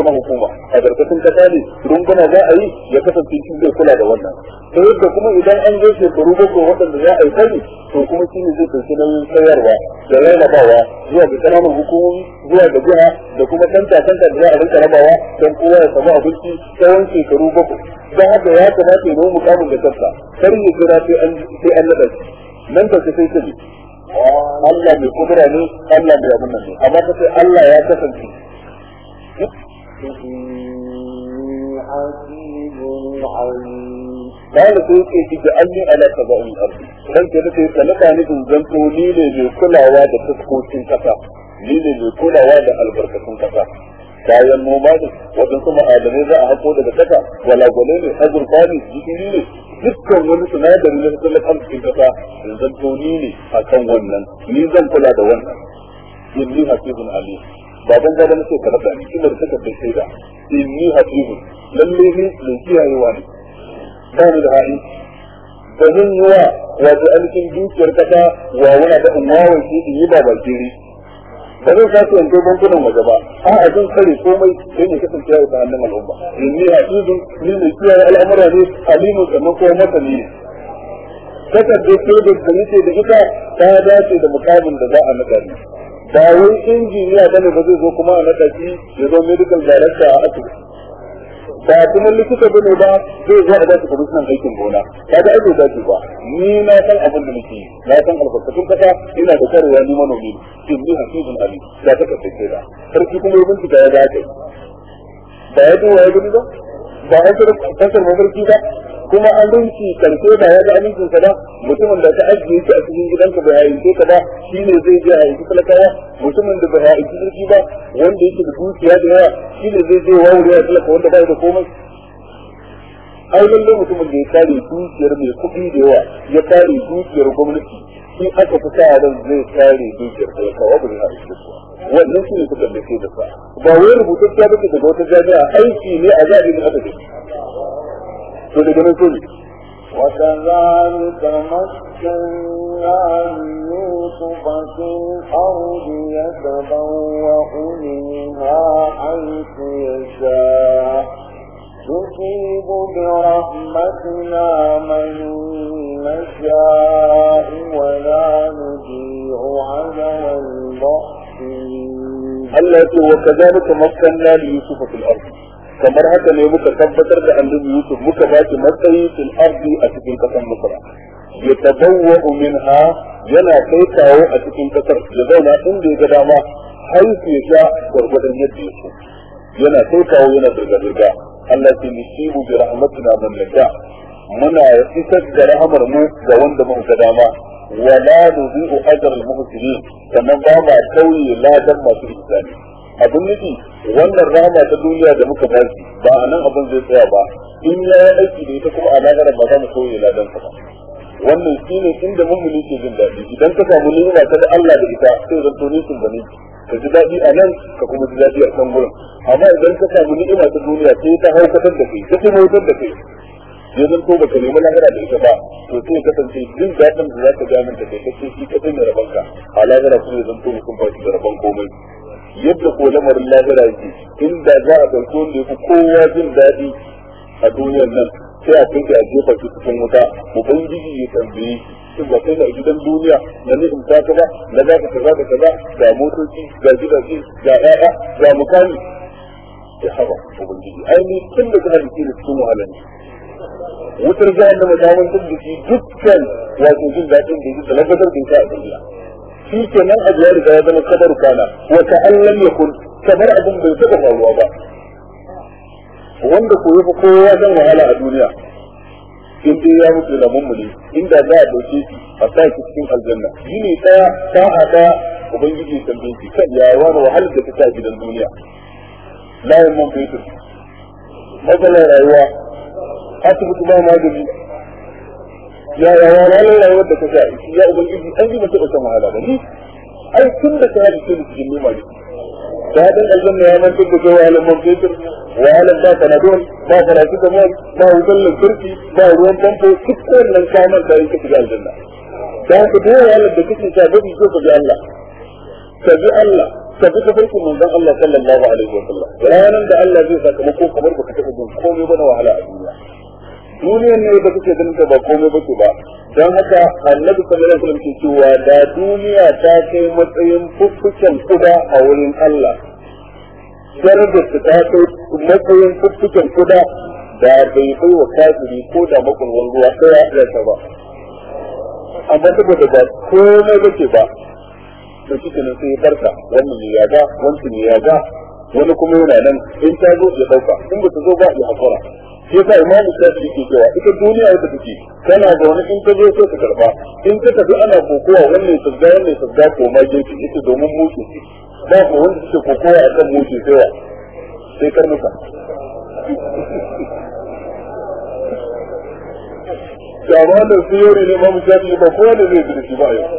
kuma a tantance a cikin so na hukuma a karkashin kasa ne runguna za a yi ya kasance shi zai kula da wannan ta yadda kuma idan an zo shekaru bakwai waɗanda za a yi kai to kuma shi ne zai ɗauki nauyin sayarwa da rarrabawa zuwa ga ƙananan hukumomi zuwa ga jiha da kuma tanta tanta da za a rinka rabawa don kowa ya samu abinci tsawon shekaru bakwai don haka ya kamata ya nemi mukamin da kansa kar ya jira sai an kallaba shi nan ta sai ta bi Allah mai kudura ne Allah mai abin nan ne amma ta sai Allah ya kasance قال سيك اجعلني على سبع الارض dan ke nake talaka ni in zanto ni ne mai kulawa da fuskokin kasa ni ne mai kulawa da albarkatun kasa kayan noma ne waɗansu ma'adanai za a hako daga kasa walagwale ne azurfa ne jikiri ne dukkan wani sinadari na kan cikin kasa zan toni ne a kan wannan ni zan kula da wannan inni hafizun ali baban gada na shekara da ni kimar suka da shaida inni hafizun lalle ni mai kiyayewa ne ba ni da ha'in ba zan yi wa wato alkin dukiyar kasa wa wani da in wawance in yi babakiri ba zai sace yanke bankunan waje ba a a zan komai sai ne kasance yau ta hannun al'umma inni hafizun ni ne kiyaye al'amura ne alimu sannan kuma masani ne takardar ke da kanice da ita ta dace da mukamin da za a naɗa ni ba wai injiniya bane ba zai zo kuma a naɗa shi ya zo medical director a asibiti ba kuma likita ba ne ba zai zo a dace kwamishinan aikin gona ta da aiki dace ba ni na san abin da nake na san albarkatun kasa ina da karewa ni manomi shi ni hasibin ali da ta kasance da sarki kuma ya bincika ya dace ba ya duwa ya gani ba ba ya kasar mafarki ba kuma an rinci karfe da ya ga amincin ka ba mutumin da ta ajiye shi a cikin gidanka ba ya yanke ka ba shi ne zai je a yanki talakawa mutumin da ba ya yanki jirgi ba wanda yake da dukiya da yawa shi ne zai je wawuri a talaka wanda ba da komai ai lallai mutumin da ya kare dukiyar mai kuɗi da yawa ya kare dukiyar gwamnati shi aka fi sa ran zai kare dukiyar talakawa ba zai haɗu da su wannan shi ne kuka da ke da ba wani rubutacciya ba ke daga wata jami'a aiki ne a zaɓi da aka وكذلك مكنا ليوسف في الأرض يتبوأ منها حيث يشاء نصيب برحمتنا من نشاء ولا نجيع عدم البحر التي وكذلك مكنا ليوسف في الأرض kamar haka ne muka tabbatar da annabi Yusuf muka ba shi matsayi fil ardi a cikin kasar Misra ya tabawwa minha yana kai kawo a cikin kasar ya zauna inda ya ga dama har ya sha gwargwadon yadda yake yana kai kawo yana zirga-zirga Allah ke nisibu bi rahmatina man nasha muna isar da rahamar mu ga wanda muka ga dama wala nuzi'u ajral muhsinin sannan ba ma tauye ladan masu ihsani abin nufi wannan rama ta duniya da muka tashi ba a nan abin zai tsaya ba in ya yi aiki da ita kuma a lagarin ba za mu sauye ladan ba wannan shi ne inda mummuni ke jin daɗi idan ka samu ni'ima ta da Allah da ita sai zan to nisin bane ka ji daɗi a nan ka kuma ji daɗi a kan gurin amma idan ka samu ni'ima ta duniya sai ta haukatar da kai ta kuma haukatar da kai ya zan to baka nemi lahira da ita ba to sai ya kasance jin daɗin da za ka gamin da kai kake shi kaɗai da rabanka a lahira kuma zan to mutum ba shi da rabon komai yadda ko lamarin lahira ji inda za a ɗauki ne ku kowa jin daɗi a duniyar nan sai a kai a jefa shi cikin wuta ubangiji ya tambaye shi ba kai a gidan duniya na ne in ta ba na za ka kaza da kaza ga motoci ga gidaje ga ƴaƴa ga mukami ya haba ubangiji ai ni tun da kana cikin cikin wahala ne wutar jahannama ta wancan da shi dukkan wato jin daɗin da yake da lagatar da ita a duniya shi ke nan abu ya riga ya zama kabar kana wa ka'an lam yakun kamar abin bai taɓa faruwa ba wanda ko yafi kowa zan wahala a duniya in dai ya mutu da mummuni inda za a dauke shi a sa shi cikin aljanna shi ne daya sa'a daya ubangiji ya tambaye shi kan ya wani wahalar da ta sa gidan duniya layin man fetur matsalar rayuwa asibiti ba magani ya ya ya rayuwar da ka sha ya ubangiji an ji mutum ta wahala ba ni ai tun da ka yi cikin cikin noma ne ta hadin aljanna ya mantar da kai wahalar man fetur wahalar ba sanadol ba sanadol ba wutar lantarki ba ruwan famfo duk wannan kamar da yake shiga aljanna da haka duk wahalar da kake sha bai zo ka ji Allah ka ji Allah ka bi tafarkin manzon Allah sallallahu alaihi wa sallam ranan da Allah zai sakamako kamar ba ka taɓa jin komai ba na wahala a duniya duniyar ne da suke ganin ta ba komai ba ba don haka annabi sallallahu alaihi wasallam ke cewa da duniya ta kai matsayin fuffuken kuda a wurin Allah darajar su ta kai matsayin fuffuken kuda da bai kai wa kafiri ko da makulwan ruwa ɗaya ya ta ba amma ta ba komai ba ce ba to shi kenan sai ya farka wannan ne ya ga wancan ne ya ga wani kuma yana nan in ta zo ya ɗauka in ba ta zo ba ya haƙura shi yasa imamu shafi ke cewa ita duniya ita take kana da wani in ka zo sai ka karba in ka tafi ana kokowa wannan sabga wannan sabga ko ma je ki ita domin mutu ba ko wanda suke kokowa a akan mutu sai wa sai karnuka amma da siyori ne mamu shafi ba ko da zai zirki ba yau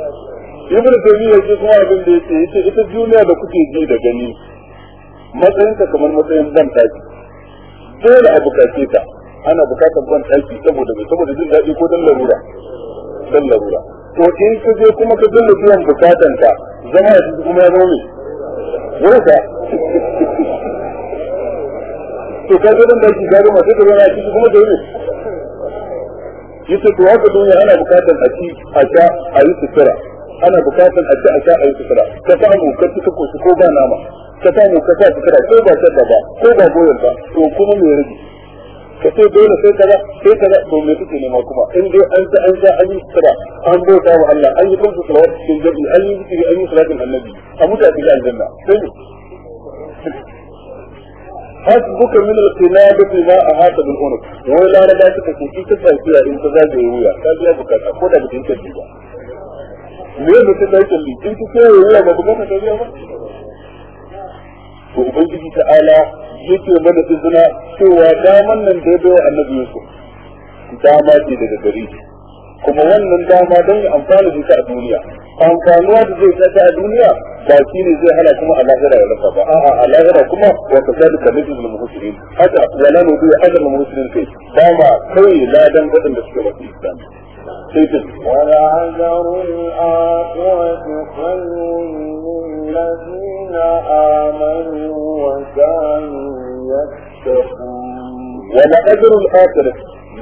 ibnu taymiya yake kuma abin da yake ita duniya da kuke ji da gani matsayin ka kamar matsayin zan taki dole a bukace ta ana bukatar ban ɗaki saboda mai saboda jin daɗi ko don larura don larura to in ka je kuma ka zalla biyan bukatan ka zama ya kuma ya zama ne wuta to ka ga dan ɗaki ka gama sai ka zama ciki kuma da ne yace to haka duniya ana bukatar a ci a sha a yi sutura ana bukatar a ci a sha a yi sutura ka samu ka ci ka koshi ko ba nama ka sa ne ka sa ka kira ko ba shadda ba ko ba goyon ba to kuma me rage ka ce dole sai kaza sai kaza to me kake nema kuma in dai an ta an ta an yi kira an bauta wa Allah an yi kansu salawat cikin jabi an yi zikiri an yi salatin annabi a mutu a aljanna sai ne hasbuka min al-qinada ma ahata bil unuq wai la da suka ce ta tsakiya in ta zagaye wuya ka biya ta ko da bikin ka ba me ne ta tsakiya in ta tsaye wuya ba kuma ta biya ba to ubangiji ala yake mana izina cewa daman nan da ya annabi Yusuf dama ce daga gari kuma wannan dama don yi amfani da ita a duniya amfanuwa da zai sata a duniya ba shi ne zai hana kuma a lahira ya rasa ba a'a a lahira kuma wa kasadu ka mijin da musulmi haka wala ne duk ajal musulmi kai ba ma kai ladan waɗanda ba rasu islam ولعذر الآخرة خير للذين آمنوا وكانوا يتقون wala ajrul akhirah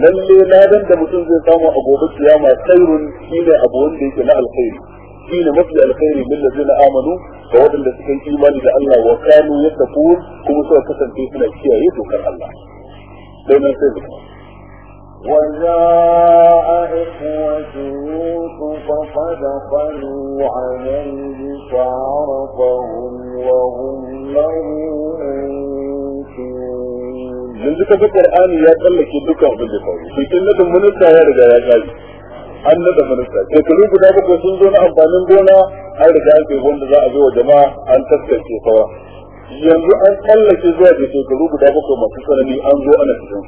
lalle ladan da mutum zai samu a gobe kiyama khairun shine abu wanda yake na alkhairi shine mafi alkhairi min ladina amanu ga wadanda suka yi imani da Allah wa kanu yattaqun kuma suka kasance suna kiyaye dokar Allah sai nan sai وجاء إخوة يوسف فدخلوا عليه فعرفهم وهم له yanzu ka ga qur'ani ya tsallake duka abin da faru shi kin nadin minista ya riga ya kai an nada minista shekaru guda bakwai sun zo na amfanin gona an riga an kai wanda za a zo wa jama'a an tattace sawa yanzu an tsallake zuwa da shekaru guda bakwai masu tsanani an zo ana cikin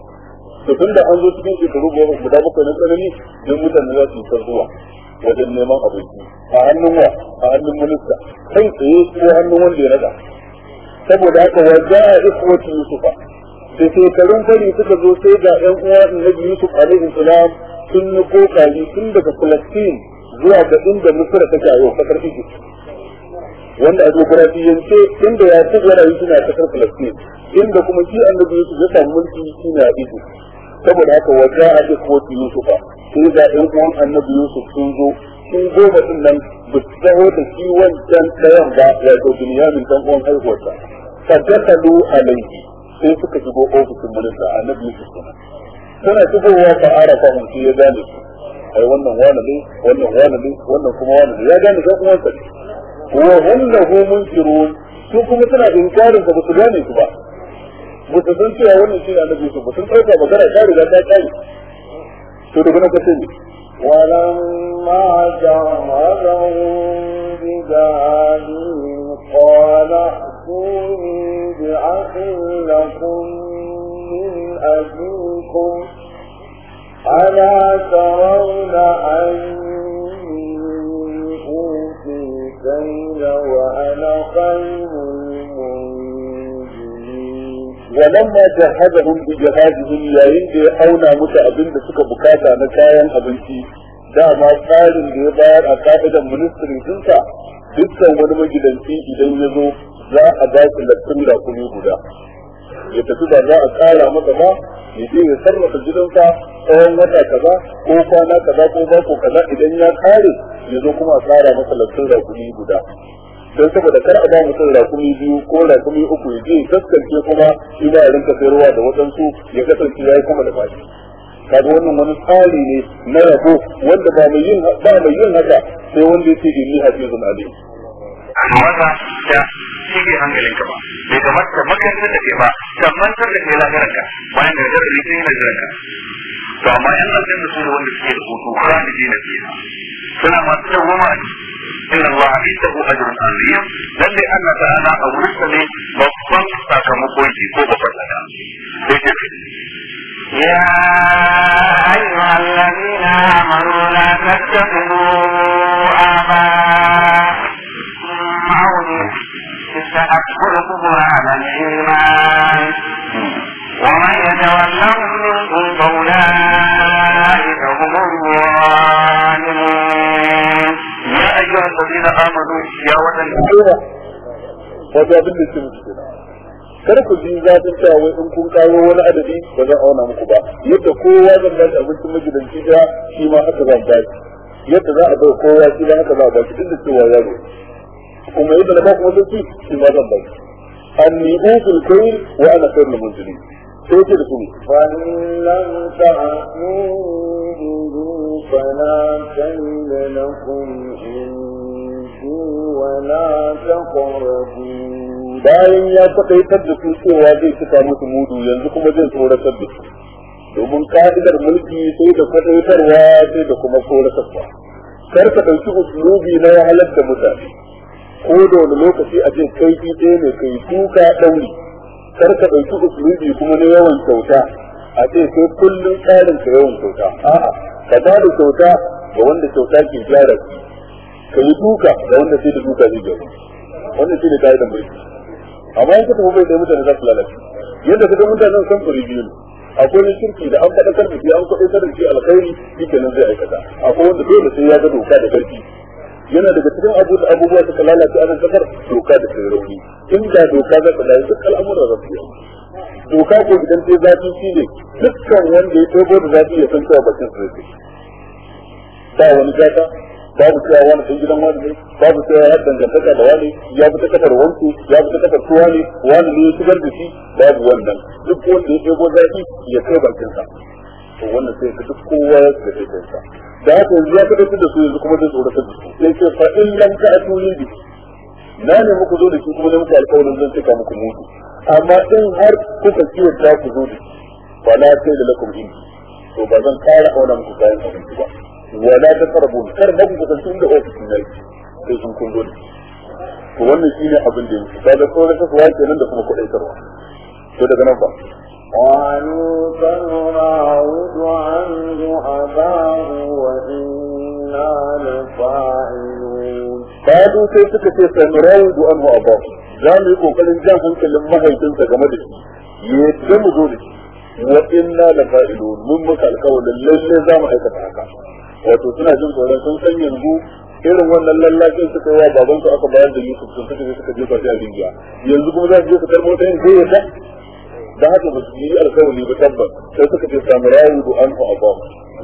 to tunda an zo cikin shekaru guda bakwai na tsanani duk mutane za su yi zuwa wajen neman abinci a hannun wa a hannun minista kai tsaye ko hannun wanda ya nada saboda haka wajen ikwatu yusufa da shekarun fari suka zo sai ga yan uwa na Yusuf alaihi salam sun yi kokari tun daga Palestine zuwa ga inda Misra take a yau kasar Egypt wanda a geografi ce inda ya ci yana yi suna kasar Palestine inda kuma shi annabi Yusuf ya samu mulki suna Egypt saboda haka wajen a ikwoti Yusufa sai ga yan uwan annabi Yusuf sun zo sun goma din nan ba su dawo da shi wancan ɗayan ba wato Binyamin ɗan uwan haihuwarsa fa dakalu alaihi sai suka shigo ofishin minista annabi Yusuf kenan suna shigowa fa arafa mun ya gane su ai wannan wani ne wannan wani ne wannan kuma wani ne ya gane ga kuma sai wa hum lahu munkirun su kuma suna inkarin ka ba su gane su ba ba su san cewa wannan shi ne annabi Yusuf ba sun dauka magana ta riga ta kai to daga nan ka ce ni ولما جهزهم بجهازهم قال فأتوني بأخ لكم من أبيكم ألا ترون أني أوفي الكيل وأنا خير ولما جهدهم بجهادهم يا يندي أونا متى أبن بسك بكاتا أبنتي dama tsarin da ya bayar a ka'idan ministry dinka dukkan wani magidanci idan ya zo za a ba shi da kuma guda ya tafi ba za a kara masa ba ya je ya sarrafa gidansa tsawon wata kaza ko kwana kaza ko bako kaza idan ya kare ya zo kuma a kara masa da kuma guda don saboda kar a ba mutum rakumi biyu ko rakumi uku ya je ya kaskance kuma shi ba rinka sayarwa da waɗansu ya kasance ya yi kuma da baki kaga wannan wani tsari ne na yabo wanda ba mai yin ba mai yin haka sai wanda yake inni hafizun alim maza da shige ba bai da ke ba tabbatar da kai bayan da da to amma yan wanda suke da dina suna masu a inna Allah indahu Allah a ne ko يا أيها الذين آمنوا لا تتخذوا آباء أولياء سيدخلكم على الإيمان ومن يتولهم منكم فأولئك هم الظالمون يا أيها الذين آمنوا يا وطن هذا بالنسبة kar ku ji zafin cewa wai in kun kawo wani adadi ba zan auna muku ba yadda kowa zan ba shi abincin magidanci da shi ma haka zan ba shi yadda za a bai kowa shi ma haka za a ba shi duk da cewa yaro kuma yadda na ba kuma sun shi ma zan ba shi anni ukul kai wa ana khairul munzilin sai ce da su ne in bayan ya kwaɗaitar da su cewa zai cika musu mudu yanzu kuma zai tsoratar da su domin ka'idar mulki sai da kwaɗaitarwa sai da kuma tsoratarwa kar ka ɗauki usulubi na wahalar da mutane ko da wani lokaci a jin kai ɗaya ne kai duka ɗauri kar ka ɗauki usulubi kuma na yawan kyauta a ce sai kullum tsarin ka yawan kyauta a'a ka ba da kyauta ga wanda kyauta ke gyara ka yi duka ga wanda sai da duka zai gyara wannan shi ne ka'idar mulki amma in ka tafi bai da mutane za su lalace yadda kaga mutanen san fari biyu akwai na kirki da an faɗa da shi an faɗakar da shi alkhairi shi kenan zai aikata akwai wanda dole sai ya ga doka da karfi yana daga cikin abu abubuwa suka lalace a nan kasar doka da kai rauni in da doka za ta lalace duk al'amuran rafiya doka ko idan sai zafi shi ne dukkan wanda ya tobo da zafi ya san cewa bakin su zai ba wani gata babu cewa wani sun gidan wani ne babu cewa ya dangantaka da wani ya fi kasar wanki ya fi kasar kowa ne wani ne ya shigar da shi babu wannan duk wanda ya ɗebo zafi ya kai bakinsa to wannan sai ka duk kowa ya shiga kansa da haka yanzu ya kaɗaitar da su yanzu kuma zai tsoro da su sai ce fa in lam ka atuni bi na ne muku zo da shi kuma ne muku alƙawarin zan cika muku mutu amma in har kuka kiyarta ku zo da shi fa na sai da lakum indi to ba zan kara auna muku kayan abinci ba wala ta farabun kar ba ku kusanci inda ofishin na yake sai sun kun dole to wannan shine abin da yake kaga sauran kasuwa kenan da kuma daga nan قالوا سنراود عنه أباه وإنا لفاعلون قالوا كيف تكتير سنراود عنه أباه زامي قوكالين جان هنك لما هيتنسى جمدك يتجمد ذلك وإنا لفاعلون من مكالك ولله زام هيتبعك wato suna jin tsoron sun san yanzu irin wannan lallacin suka yi baban su aka bayar da Yusuf sun suka je suka jefa shi a rijiya yanzu kuma za su je su karɓo ta yin zai yasa da haka ba su yi alkawari ba tabbas sai suka ce samurayi bu an fa abam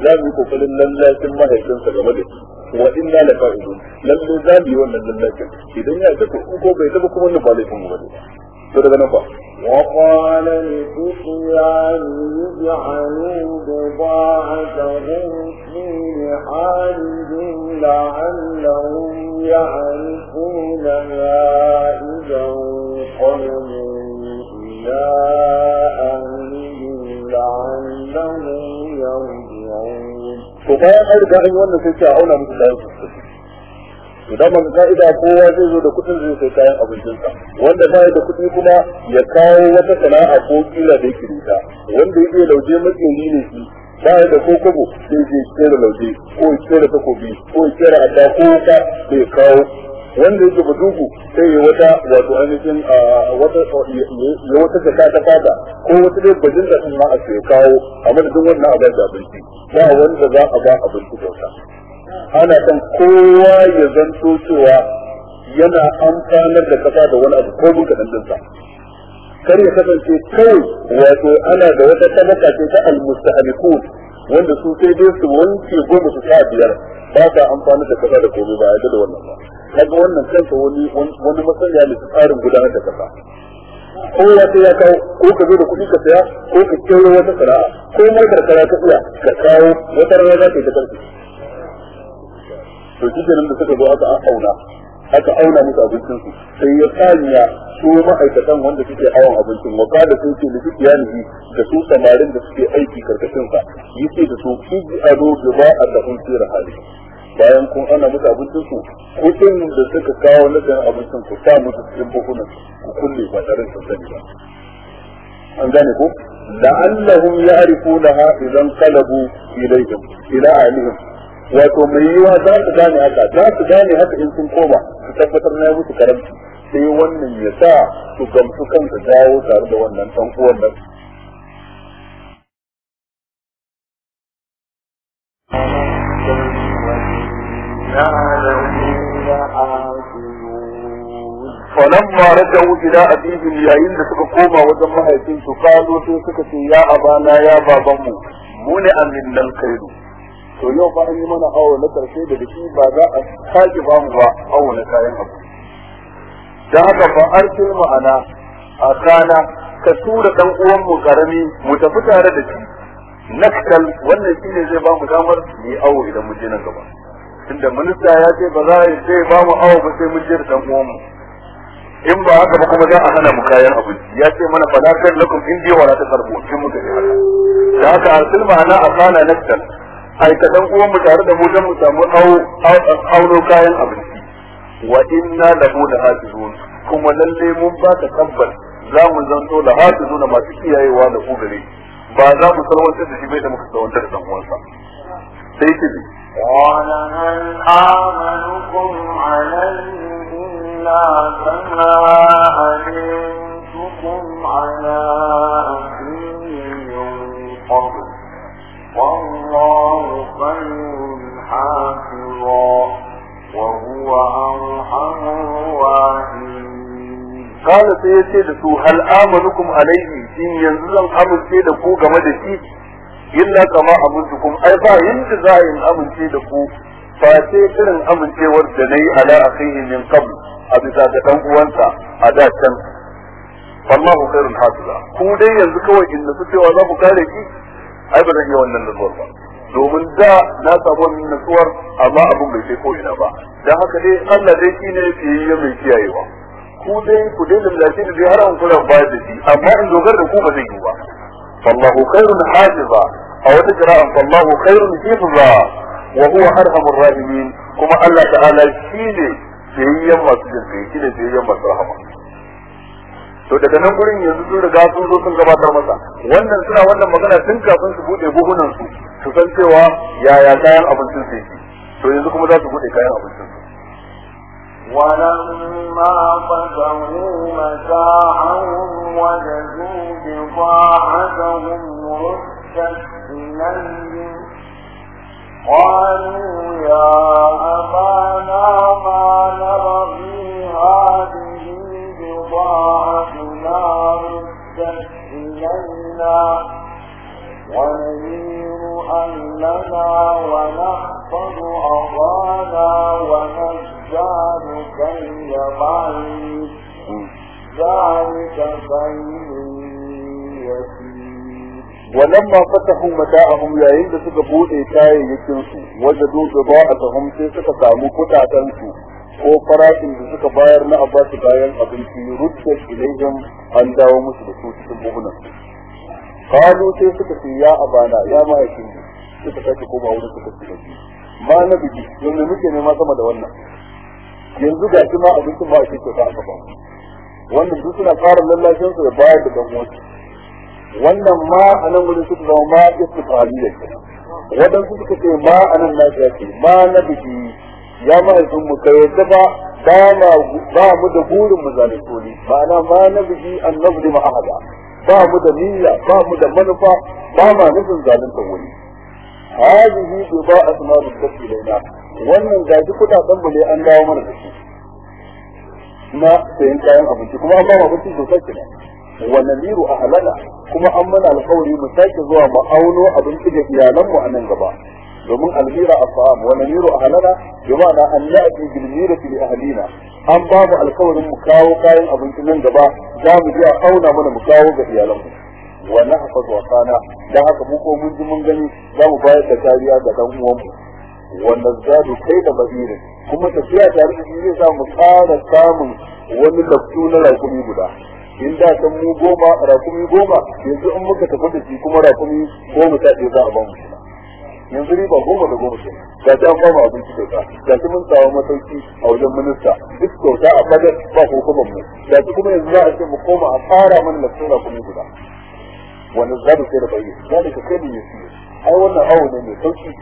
za mu yi kokarin lallacin mahaifinsa game da shi wa inna la fa'idun lalle za mu yi wannan lallacin idan ya ta ko bai taba kuma ni ba laifin mu ba وقال لفتيان يجعل بضاعتهم في رحالهم لعلهم يعرفونها إذا انقلبوا إلى أهلهم لعلهم يرجعون. وبايع ارجعي ولا تنسى أولى مثل idan da man ka'ida kowa zai zo da kudin zai sai kayan abincinsa wanda ba da kudi kuma ya kawo wata sana'a ko kila da yake da wanda yake lauje matsiri ne shi ba da ko kobo sai zai kera lauje ko kera takobi ko kera adda ko ka sai kawo wanda yake budugu sai ya wata wato ainihin wata ya wata jaka ta fata ko wata dai bajin da ma a sai kawo a duk wannan abin da abinci ba wanda za a ba abinci kyauta ana son kowa ya zanto cewa yana amfanar da kasa da wani abu ko mun kaɗan dinsa kar ya kasance kawai wato ana da wata tabaka ce ta almustahalikun wanda su sai dai su wanke goma su sa biyar ba ta amfanar da kasa da komai ba ya da wannan ba kaga wannan kanta wani wani masaniya ne tsarin gudanar da kasa ko ya sai ya kawo ko ka zo da kuɗi ka saya ko ka kyauro wata sana'a ko mai karkara ka iya ka kawo wata rana za ka yi ta karfi to cikin da suka zo aka auna aka auna musu abincin su sai ya sanya su ma'aikatan wanda suke awon abincin wa kada sun ce liki yanihi da su samarin da suke aiki karkashin sa yace da su kiji ado gaba a da kun tsira hali bayan kun ana musu abincin su kudin da suka kawo na sayan abincin ku sa musu cikin buhunan ku kulle ba tare da sani ba an gane ko la'allahum ya'rifunaha idan qalabu ilayhim ila alihim wato mai yiwuwa za su gane haka za su gane haka in sun koma su tabbatar na musu karamci sai wannan ya sa su gamsu kansu dawo tare da wannan ɗan uwan nan فلما رجعوا إلى ابيهم yayin da suka koma wajen mahaifinsu kazo sai suka ce ya abana ya babanmu muni الخير nan to yau fa an yi mana awo na karshe da shi ba za a sake ba mu ba awo na kayan abu dan haka fa arsil ma'ana a kana ka tura dan uwan mu karami mu tafi tare da shi nakal wannan shine zai ba mu damar yi awo idan mu je nan gaba tunda minista ya ce ba za a yi sai ba mu awo ba sai mun je da dan uwan mu in ba haka ba kuma za a hana mu kayan abinci ya ce mana fadakan lakum indiya wala tasarbu kin muka ne haka da haka arsil ma'ana a kana nakal aikatan dan uwan mu tare da mu dan mu samu auno kayan abinci wa inna lahu lahafizun kuma lalle mun ba ka tabbas za mu zanto lahafizuna masu kiyayewa da ku gare ba za mu salwantar da shi bai da muka salwantar da dan uwansa sai ki bi قال والله خير حافظا وهو أرحم الراحمين قال سيسيد سو هل آمنكم عليه إن ينزل الأمر سيد كما جمد إلا كما أمنتكم أي با ينتزع إن أمن سيد كو فاتي كرن أمن سيد دني على أخيه من قبل أبدا دقن أوانسا أدا كان فالله خير حافظا كو دي ينزل كوي إن نسيت وأنا بكاركي ai ba zan iya wannan nutsuwar ba domin da na samu wannan nutsuwar amma abun bai kai ko ina ba dan haka dai Allah dai shine fiyayye mai kiyayewa ku dai ku dai lalace da har an kula ba da shi amma in dogar da ku ba zai yi ba fallahu khairun hafiza a wata qira'a fallahu khairun hafiza wa huwa arhamur rahimin kuma Allah ta'ala kine fiyayyen masu jinkai shine fiyayyen masu rahama to daga nan gurin yanzu sun riga sun zo sun gabatar masa wannan suna wannan magana tun kafin su bude buhunan su su san cewa yaya kayan abincin su yake to yanzu kuma za su bude kayan abincin su ولما فتحوا متاعهم وجدوا بضاعتهم قالوا يا لنا ونحفظ أخانا ونزداد كي بعيد ذلك خير ولما فتحوا متاعهم يا يند suka bude kayayyakin su wanda duka a tahum sai suka samu kudaden su ko farashin da suka bayar na abasu bayan abinci rudda ilaihim an dawo musu da su cikin buhunan sai suka ya suka sake koma wurin suka shiga biyu ma na biki yanzu muke nema sama da wannan yanzu ga shi ma abincin ba a ce kyauta aka ba wanda su suna fara lallashin su da bayar da gangon wannan ma a nan wurin suka zama ma istifaliyya kenan waɗansu suka ce ma a nan na ce ma na biki ya mahaifin mu ka yadda ba ba mu da burin mu zane toli ma'ana ma na biki an nabu da ma'ahada ba mu da niyya ba mu da manufa ba ma nufin zalunta wani hadihi bida'at ma rubbat ilayna wannan ga duk kudaden mu ne an dawo mana da shi na sayan kayan abinci kuma an ba mu abinci sosai kenan wa nadiru ahlana kuma an mana alƙawari mu sake zuwa mu auno abinci ga iyalanmu a nan gaba domin almira afam wa namiru ahlana bi ma'ana an na'ti bil mirati li ahlina an babu alkawarin mu kawo kayan abinci nan gaba za mu je a auna mana mu kawo ga iyalanmu wa nahfaz wa sana don haka mu ko mun ji mun gani za mu bayar da kariya ga dan uwan wannan wanda zadu kai da bazirin, kuma tafiya tare da shi zai sa mu fara samun wani kaftu na rakumi guda in da san mu goma rakumi goma yanzu in muka tafi da shi kuma rakumi goma ta ɗaya za a ba mu yanzu riba goma da goma ce ga ta kama abinci kyauta ga ta mun samu masauki a wajen minista duk kyauta a fadar ba hukumar mu ga kuma yanzu za a ce mu koma a fara mana lafiyar kuma guda wani zabi sai da bayyana zalika kai ne yasi ai wannan awo ne mai sauki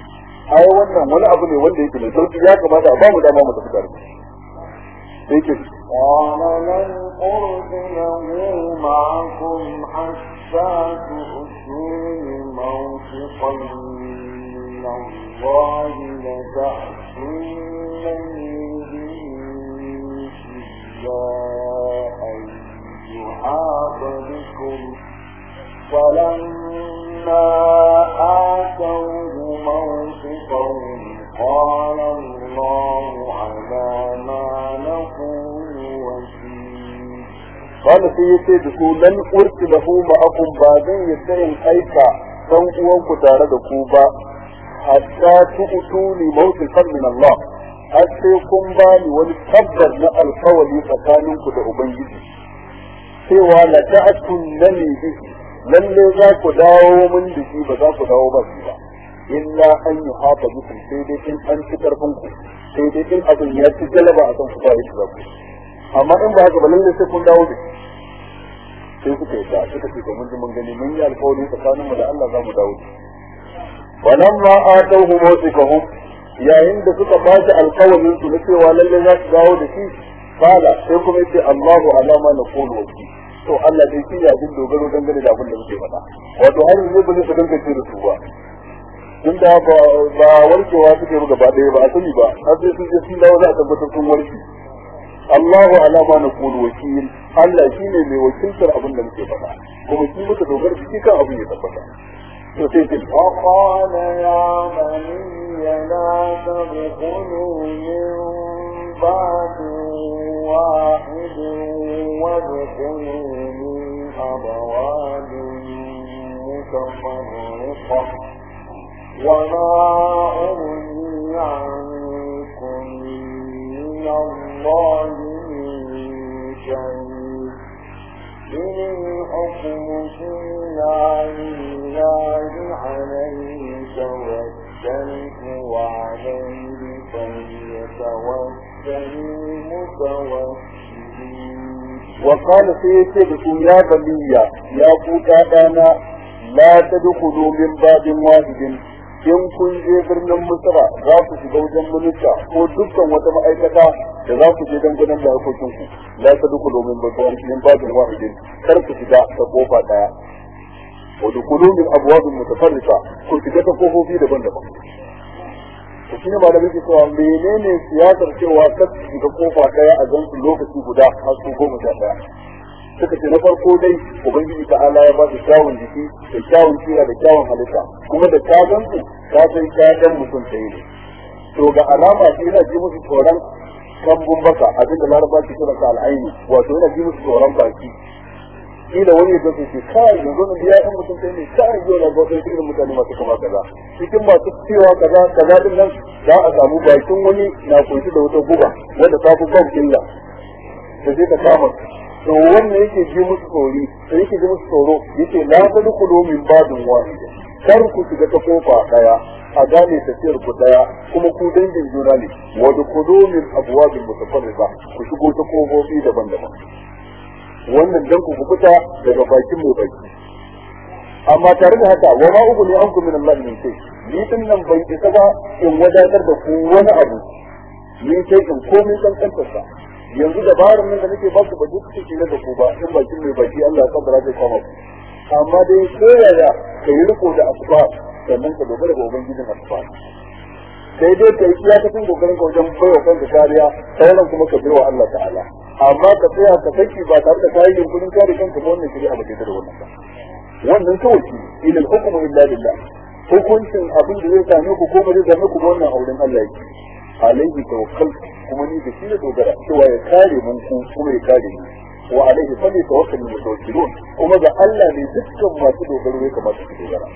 ai wannan wani abu ne wanda yake mai sauki ya kamata a ba mu dama mu tafi tare sai ke قال لن أرسله معكم حتى تؤتوني موثقا من فلما آتوه موثقهم قال الله على ما نقول وكيل قال سيدي لن أرسله معكم بعدين يستعين أيكا dan uwanku tare da ku ba hatta tu'tu li mawtiqan min Allah har sai kun ba ni wani tabbar na alkawali tsakaninku da ubangiji cewa la ta'tun lani bihi lalle za ku dawo mun da shi ba za ku dawo ba shi ba illa an yi haka bikin sai dai in an ci karfin ku sai dai in abin ya ci galaba a kan ku ba yadda za ku amma in ba haka ba lalle sai kun dawo da sai suka yi ta suka ce mun ji mun gani mun yi alkawari tsakanin mu da Allah za mu dawo da falamma atawhu mawtikahum yayin da suka bashi alkawarin su na cewa lalle za su dawo da shi kala sai kuma yace Allahu alama na qulu wakil to Allah dai shi ya jin dogaro dangane da abin da muke faɗa wato har yanzu ba zai su dangance da su ba tun da ba warkewa suke ba gaba ɗaya ba a sani ba har sai sun je sun dawo za a tabbatar sun warke Allahu ala ma naqul wakil Allah shi ne mai wakiltar abin da muke faɗa kuma shi muka dogara shi kan abin ya tabbata وقال يا بني لا تدخلوا من بعد واحد وابتلوا من أبواب متفرقة وما أغني عنكم من الله من شيء إن الحكم إلا لله عليه توكلت وعليه فليتوكل وقال سيسير يا بني يا بوتا دانا لا تدخلوا من باب واحد in kun je birnin Misra za ku shiga wajen minista ko dukkan wata ma'aikata da za ku je don gudan da harkokin ku la ta duku domin babban min babin wahidin kar ku shiga ta kofa daya wa kudu min ku shiga ta kofofi daban-daban to shi ne malamin ke cewa menene siyasar cewa kar su shiga kofa daya a gansu lokaci guda har su goma sha daya suka ce na farko dai ubangiji ta ala ya ba su kyawun jiki da kyawun kira da kyawun halitta kuma da ta gansu ta san kyadan mutum ta yi to ga alama shi yana ji musu tsoron kambun baka abinda laraba ke kira al'aini wato yana ji musu tsoron baki kila wani ya gaske shi kai yanzu mun biya in mutum sai ne kai yau na gobe cikin mutane masu kuma kaza cikin masu cewa kaza kaza din nan za a samu bakin wani na kunshi da wata guba wanda ta fi kan illa da zai ta kama to wannan yake ji musu tsori to yake ji musu tsoro yake la ta dukulu min badin wani kar ku shiga ta kofa daya a gane tafiyar ku daya kuma ku dangin juna ne wa dukulu min bin mutafarriqa ku shigo ta kofofi daban-daban wannan dan ku kubuta daga bakin mai baki amma tare da haka wa ma uku ne an ku min Allah min sai ni din nan bai isa ba in wadatar da ku wani abu ni sai in komai san kanta yanzu dabarun nan da nake ba ku ba duk kike da ku ba in bakin mai baki Allah ya kaddara zai kama ku amma dai koyaya ka yi riko da asuba sannan ka dogara ga ubangijin asuba sai dai kai iya ta kun kokarin ka wajen baiwa kanka kariya sauran kuma ka wa Allah ta'ala amma ka tsaya ka saki ba tare da kayan yunkurin kare kanka ba wannan shari'a ba ta da wannan ba wannan kawai ilil hukmu illa lillah hukuncin abin da zai same ku ko ba zai same ku ba wannan auren Allah yake alaihi tawakkal kuma ni da shi da dogara cewa ya kare mun ku kuma ya kare ni wa alaihi fali tawakkal mutawakkilun kuma ga Allah ne dukkan masu dogaro ya kamata su dogara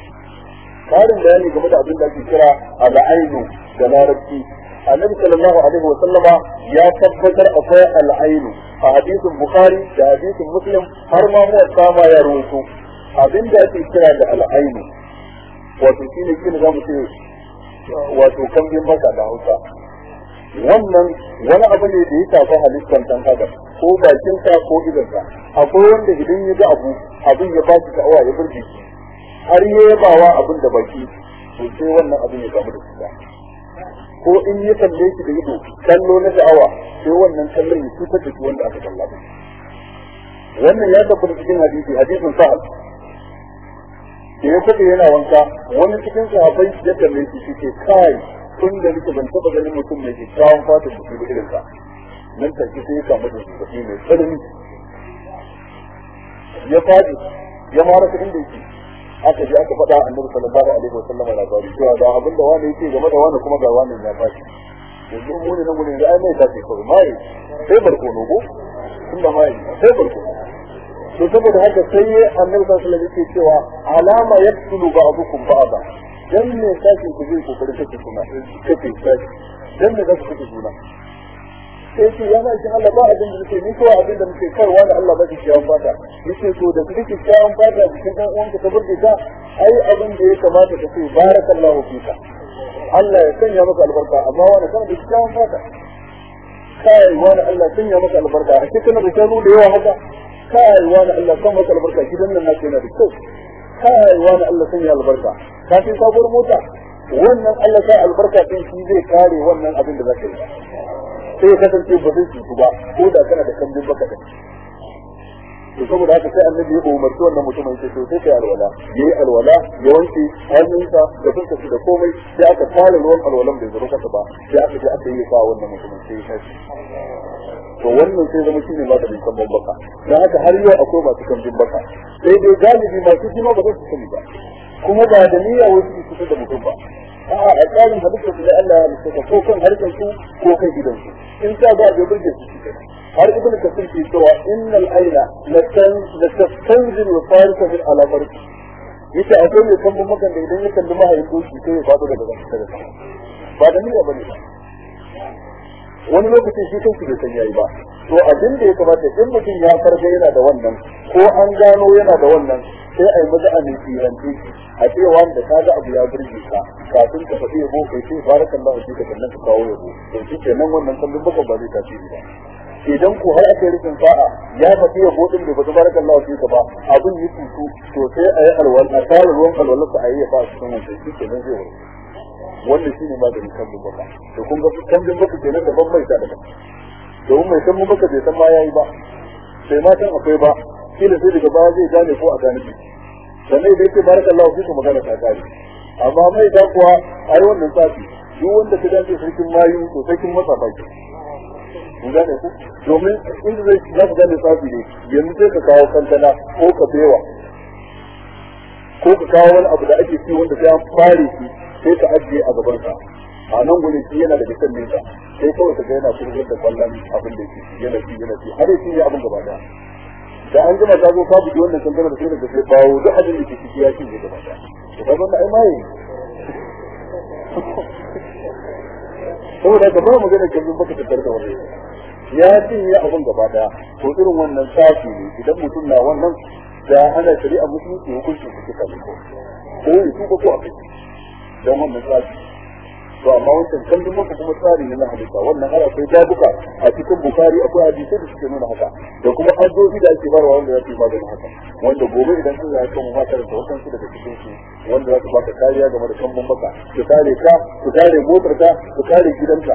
karin bayani game da abin da ake kira al'ainu da larabci annabi sallallahu alaihi wa sallama ya tabbatar akwai al'ainu a hadisin bukhari da hadisin muslim har ma mu kama ya ruwaito abin da ake kira da al'ainu wato shine kin zamu ce wato kambin baka da Hausa wannan wani abu ne da ya tafi halittar dan adam ko bakin ko idan akwai wanda idan ya ga abu abin ya ba shi sha'awa ya burge shi har wa abin da baki to sai wannan abin ya samu da cuta ko in yi kalle shi da ido kallo na sha'awa sai wannan kallon ya cutar da shi wanda aka kalla ba wannan ya da cikin hadisi hadisin sa'ad da ya kuɗe yana wanka wani cikin sahabbai ya kalle shi shi ke kai tun da nake ban taɓa ganin mutum mai kyakkyawan fata da shi irin sa nan take sai ya kamu da shi mai tsanani ya faɗi ya mara kuɗin da yake aka ji aka faɗa annabi sallallahu alaihi wasallam sallam da gari cewa da abin da wani yake game da wani kuma ga wani ya fashi yanzu mu ne nan gurin da ai mai tafi ko mai sai barko barkono ko tunda mai sai barko to saboda haka sai ya annabi sallallahu alaihi yake cewa alama yaktulu ba'dukum ba'da dan ne sai ku ji ku fara kuma suna kace sai dan ne za ku kace suna Eh, sai ce ya mai Allah ba abin da nake ni ko abin da nake kai wani Allah ba shi kyawun fata yace to da kike kyawun fata cikin dan uwanka ka da ta ai abin da ya kamata ka ce barakallahu fika Allah ya sanya maka albarka amma wani kana da shi kyawun fata kai wani Allah sanya maka albarka a cikin da kanu da yawa haka kai wani Allah san maka albarka gidan nan na na da kyau kai wani Allah sanya albarka ka ce sabuwar mota wannan Allah sai albarka din shi zai kare wannan abin da zaka yi sai ya kasance ba zai cutu ba ko da kana da kambin baka da to saboda haka sai annabi ya umarci wannan mutumin sai sai kai alwala yayi alwala ya wanke hannunsa da kanka da komai sai aka fara ruwan alwalan bai zama kasa ba sai aka je aka yi sa wannan mutumin sai ya tashi to wannan sai zama shine ba da kambin baka dan haka har yau akwai masu kambin baka sai dai galibi masu jima ba za su sani ba kuma ba da niyya wasu su da mutum ba a'a a tsarin halittar su da Allah ya halitta ko kan harkar su ko kan gidan su in ta ga da burge su har ibn kasir ke cewa innal aina la tan la tastanzil wa farisa bil alamar yace akwai mai kan makan da idan ya kalli mahayin doki sai ya faɗo daga sama ba da niyya ba ba wani lokacin shi kanki bai san yayi ba to abin da ya kamata in mutum ya farga yana da wannan ko an gano yana da wannan sai a yi maza a ki a ce wanda ka ga abu ya burge ka kafin ka faɗi yabo kai sai barakan Allah shi ka sannan ka kawo yabo to shi ke nan wannan kallon baka ba zai tafi ba idan ko har aka yi rikin sa'a ya faɗi ya bodin bai fata barakan Allah ka ba abin yi tutu to sai a yi alwala a tsara ruwan alwala ka a yi ya fa cikin wannan shi ke nan zai wuri wannan shine maganin kambun baka to kun ga kambun baka kenan daban mai ta to domin mai kambun baka bai san ma yayi ba sai ma san akwai ba kila sai daga baya zai gane ko a gane shi sannan dai ce barakallahu fi ku magana ta gane amma mai ta kuwa ai wannan tsafi duk wanda ka dace sarkin mayu to sarkin masa baki kun gane ku domin inda zai za ku gane tsafi ne yanzu sai ka kawo kantana ko ka bewa ko ka kawo wani abu da ake ci wanda sai an fare shi sai ka ajiye a gaban ka a nan gudu shi yana da bisan nesa sai kawai ka ga yana turgar da kwallon abin da yana ci yana ci har yi abin gaba da da an gama ta zo buɗe wannan kankana da sai da sai bawo duk abin da ke ciki ya ci gaba da to kaga wannan ai mai saboda ka ba mu gane kallon baka tattar da wani ya ce ya abun gaba daya to irin wannan tsafi ne idan mutum na wannan da ana shari'a musulunci hukunci su suka ko ko ya tuba ko a kai don wannan tsari to amma wancan duk maka kuma tsari ne na halitta wannan har akwai babuka a cikin bukari akwai hadisi da suke nuna haka da kuma addu'o'i da ake barwa wanda za su yi maganin haka wanda gobe idan sun ya kan mata da wasan su daga cikin su wanda za su baka kariya game da kambun baka su kare ka su kare motar ka su kare gidanka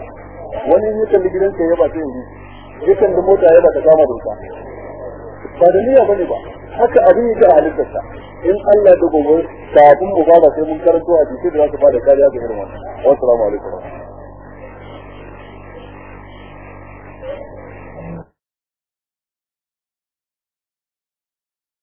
wani ne kan gidanka ya ba ta yanzu ya kan mota ya ba ta kama da wuta ba da niyya bane ba haka abin yake a halittarsa in Allah da gobe kafin mu ba sai mun karanto a jiki da za su ba da kariya ga hirman wasu ramu alaikum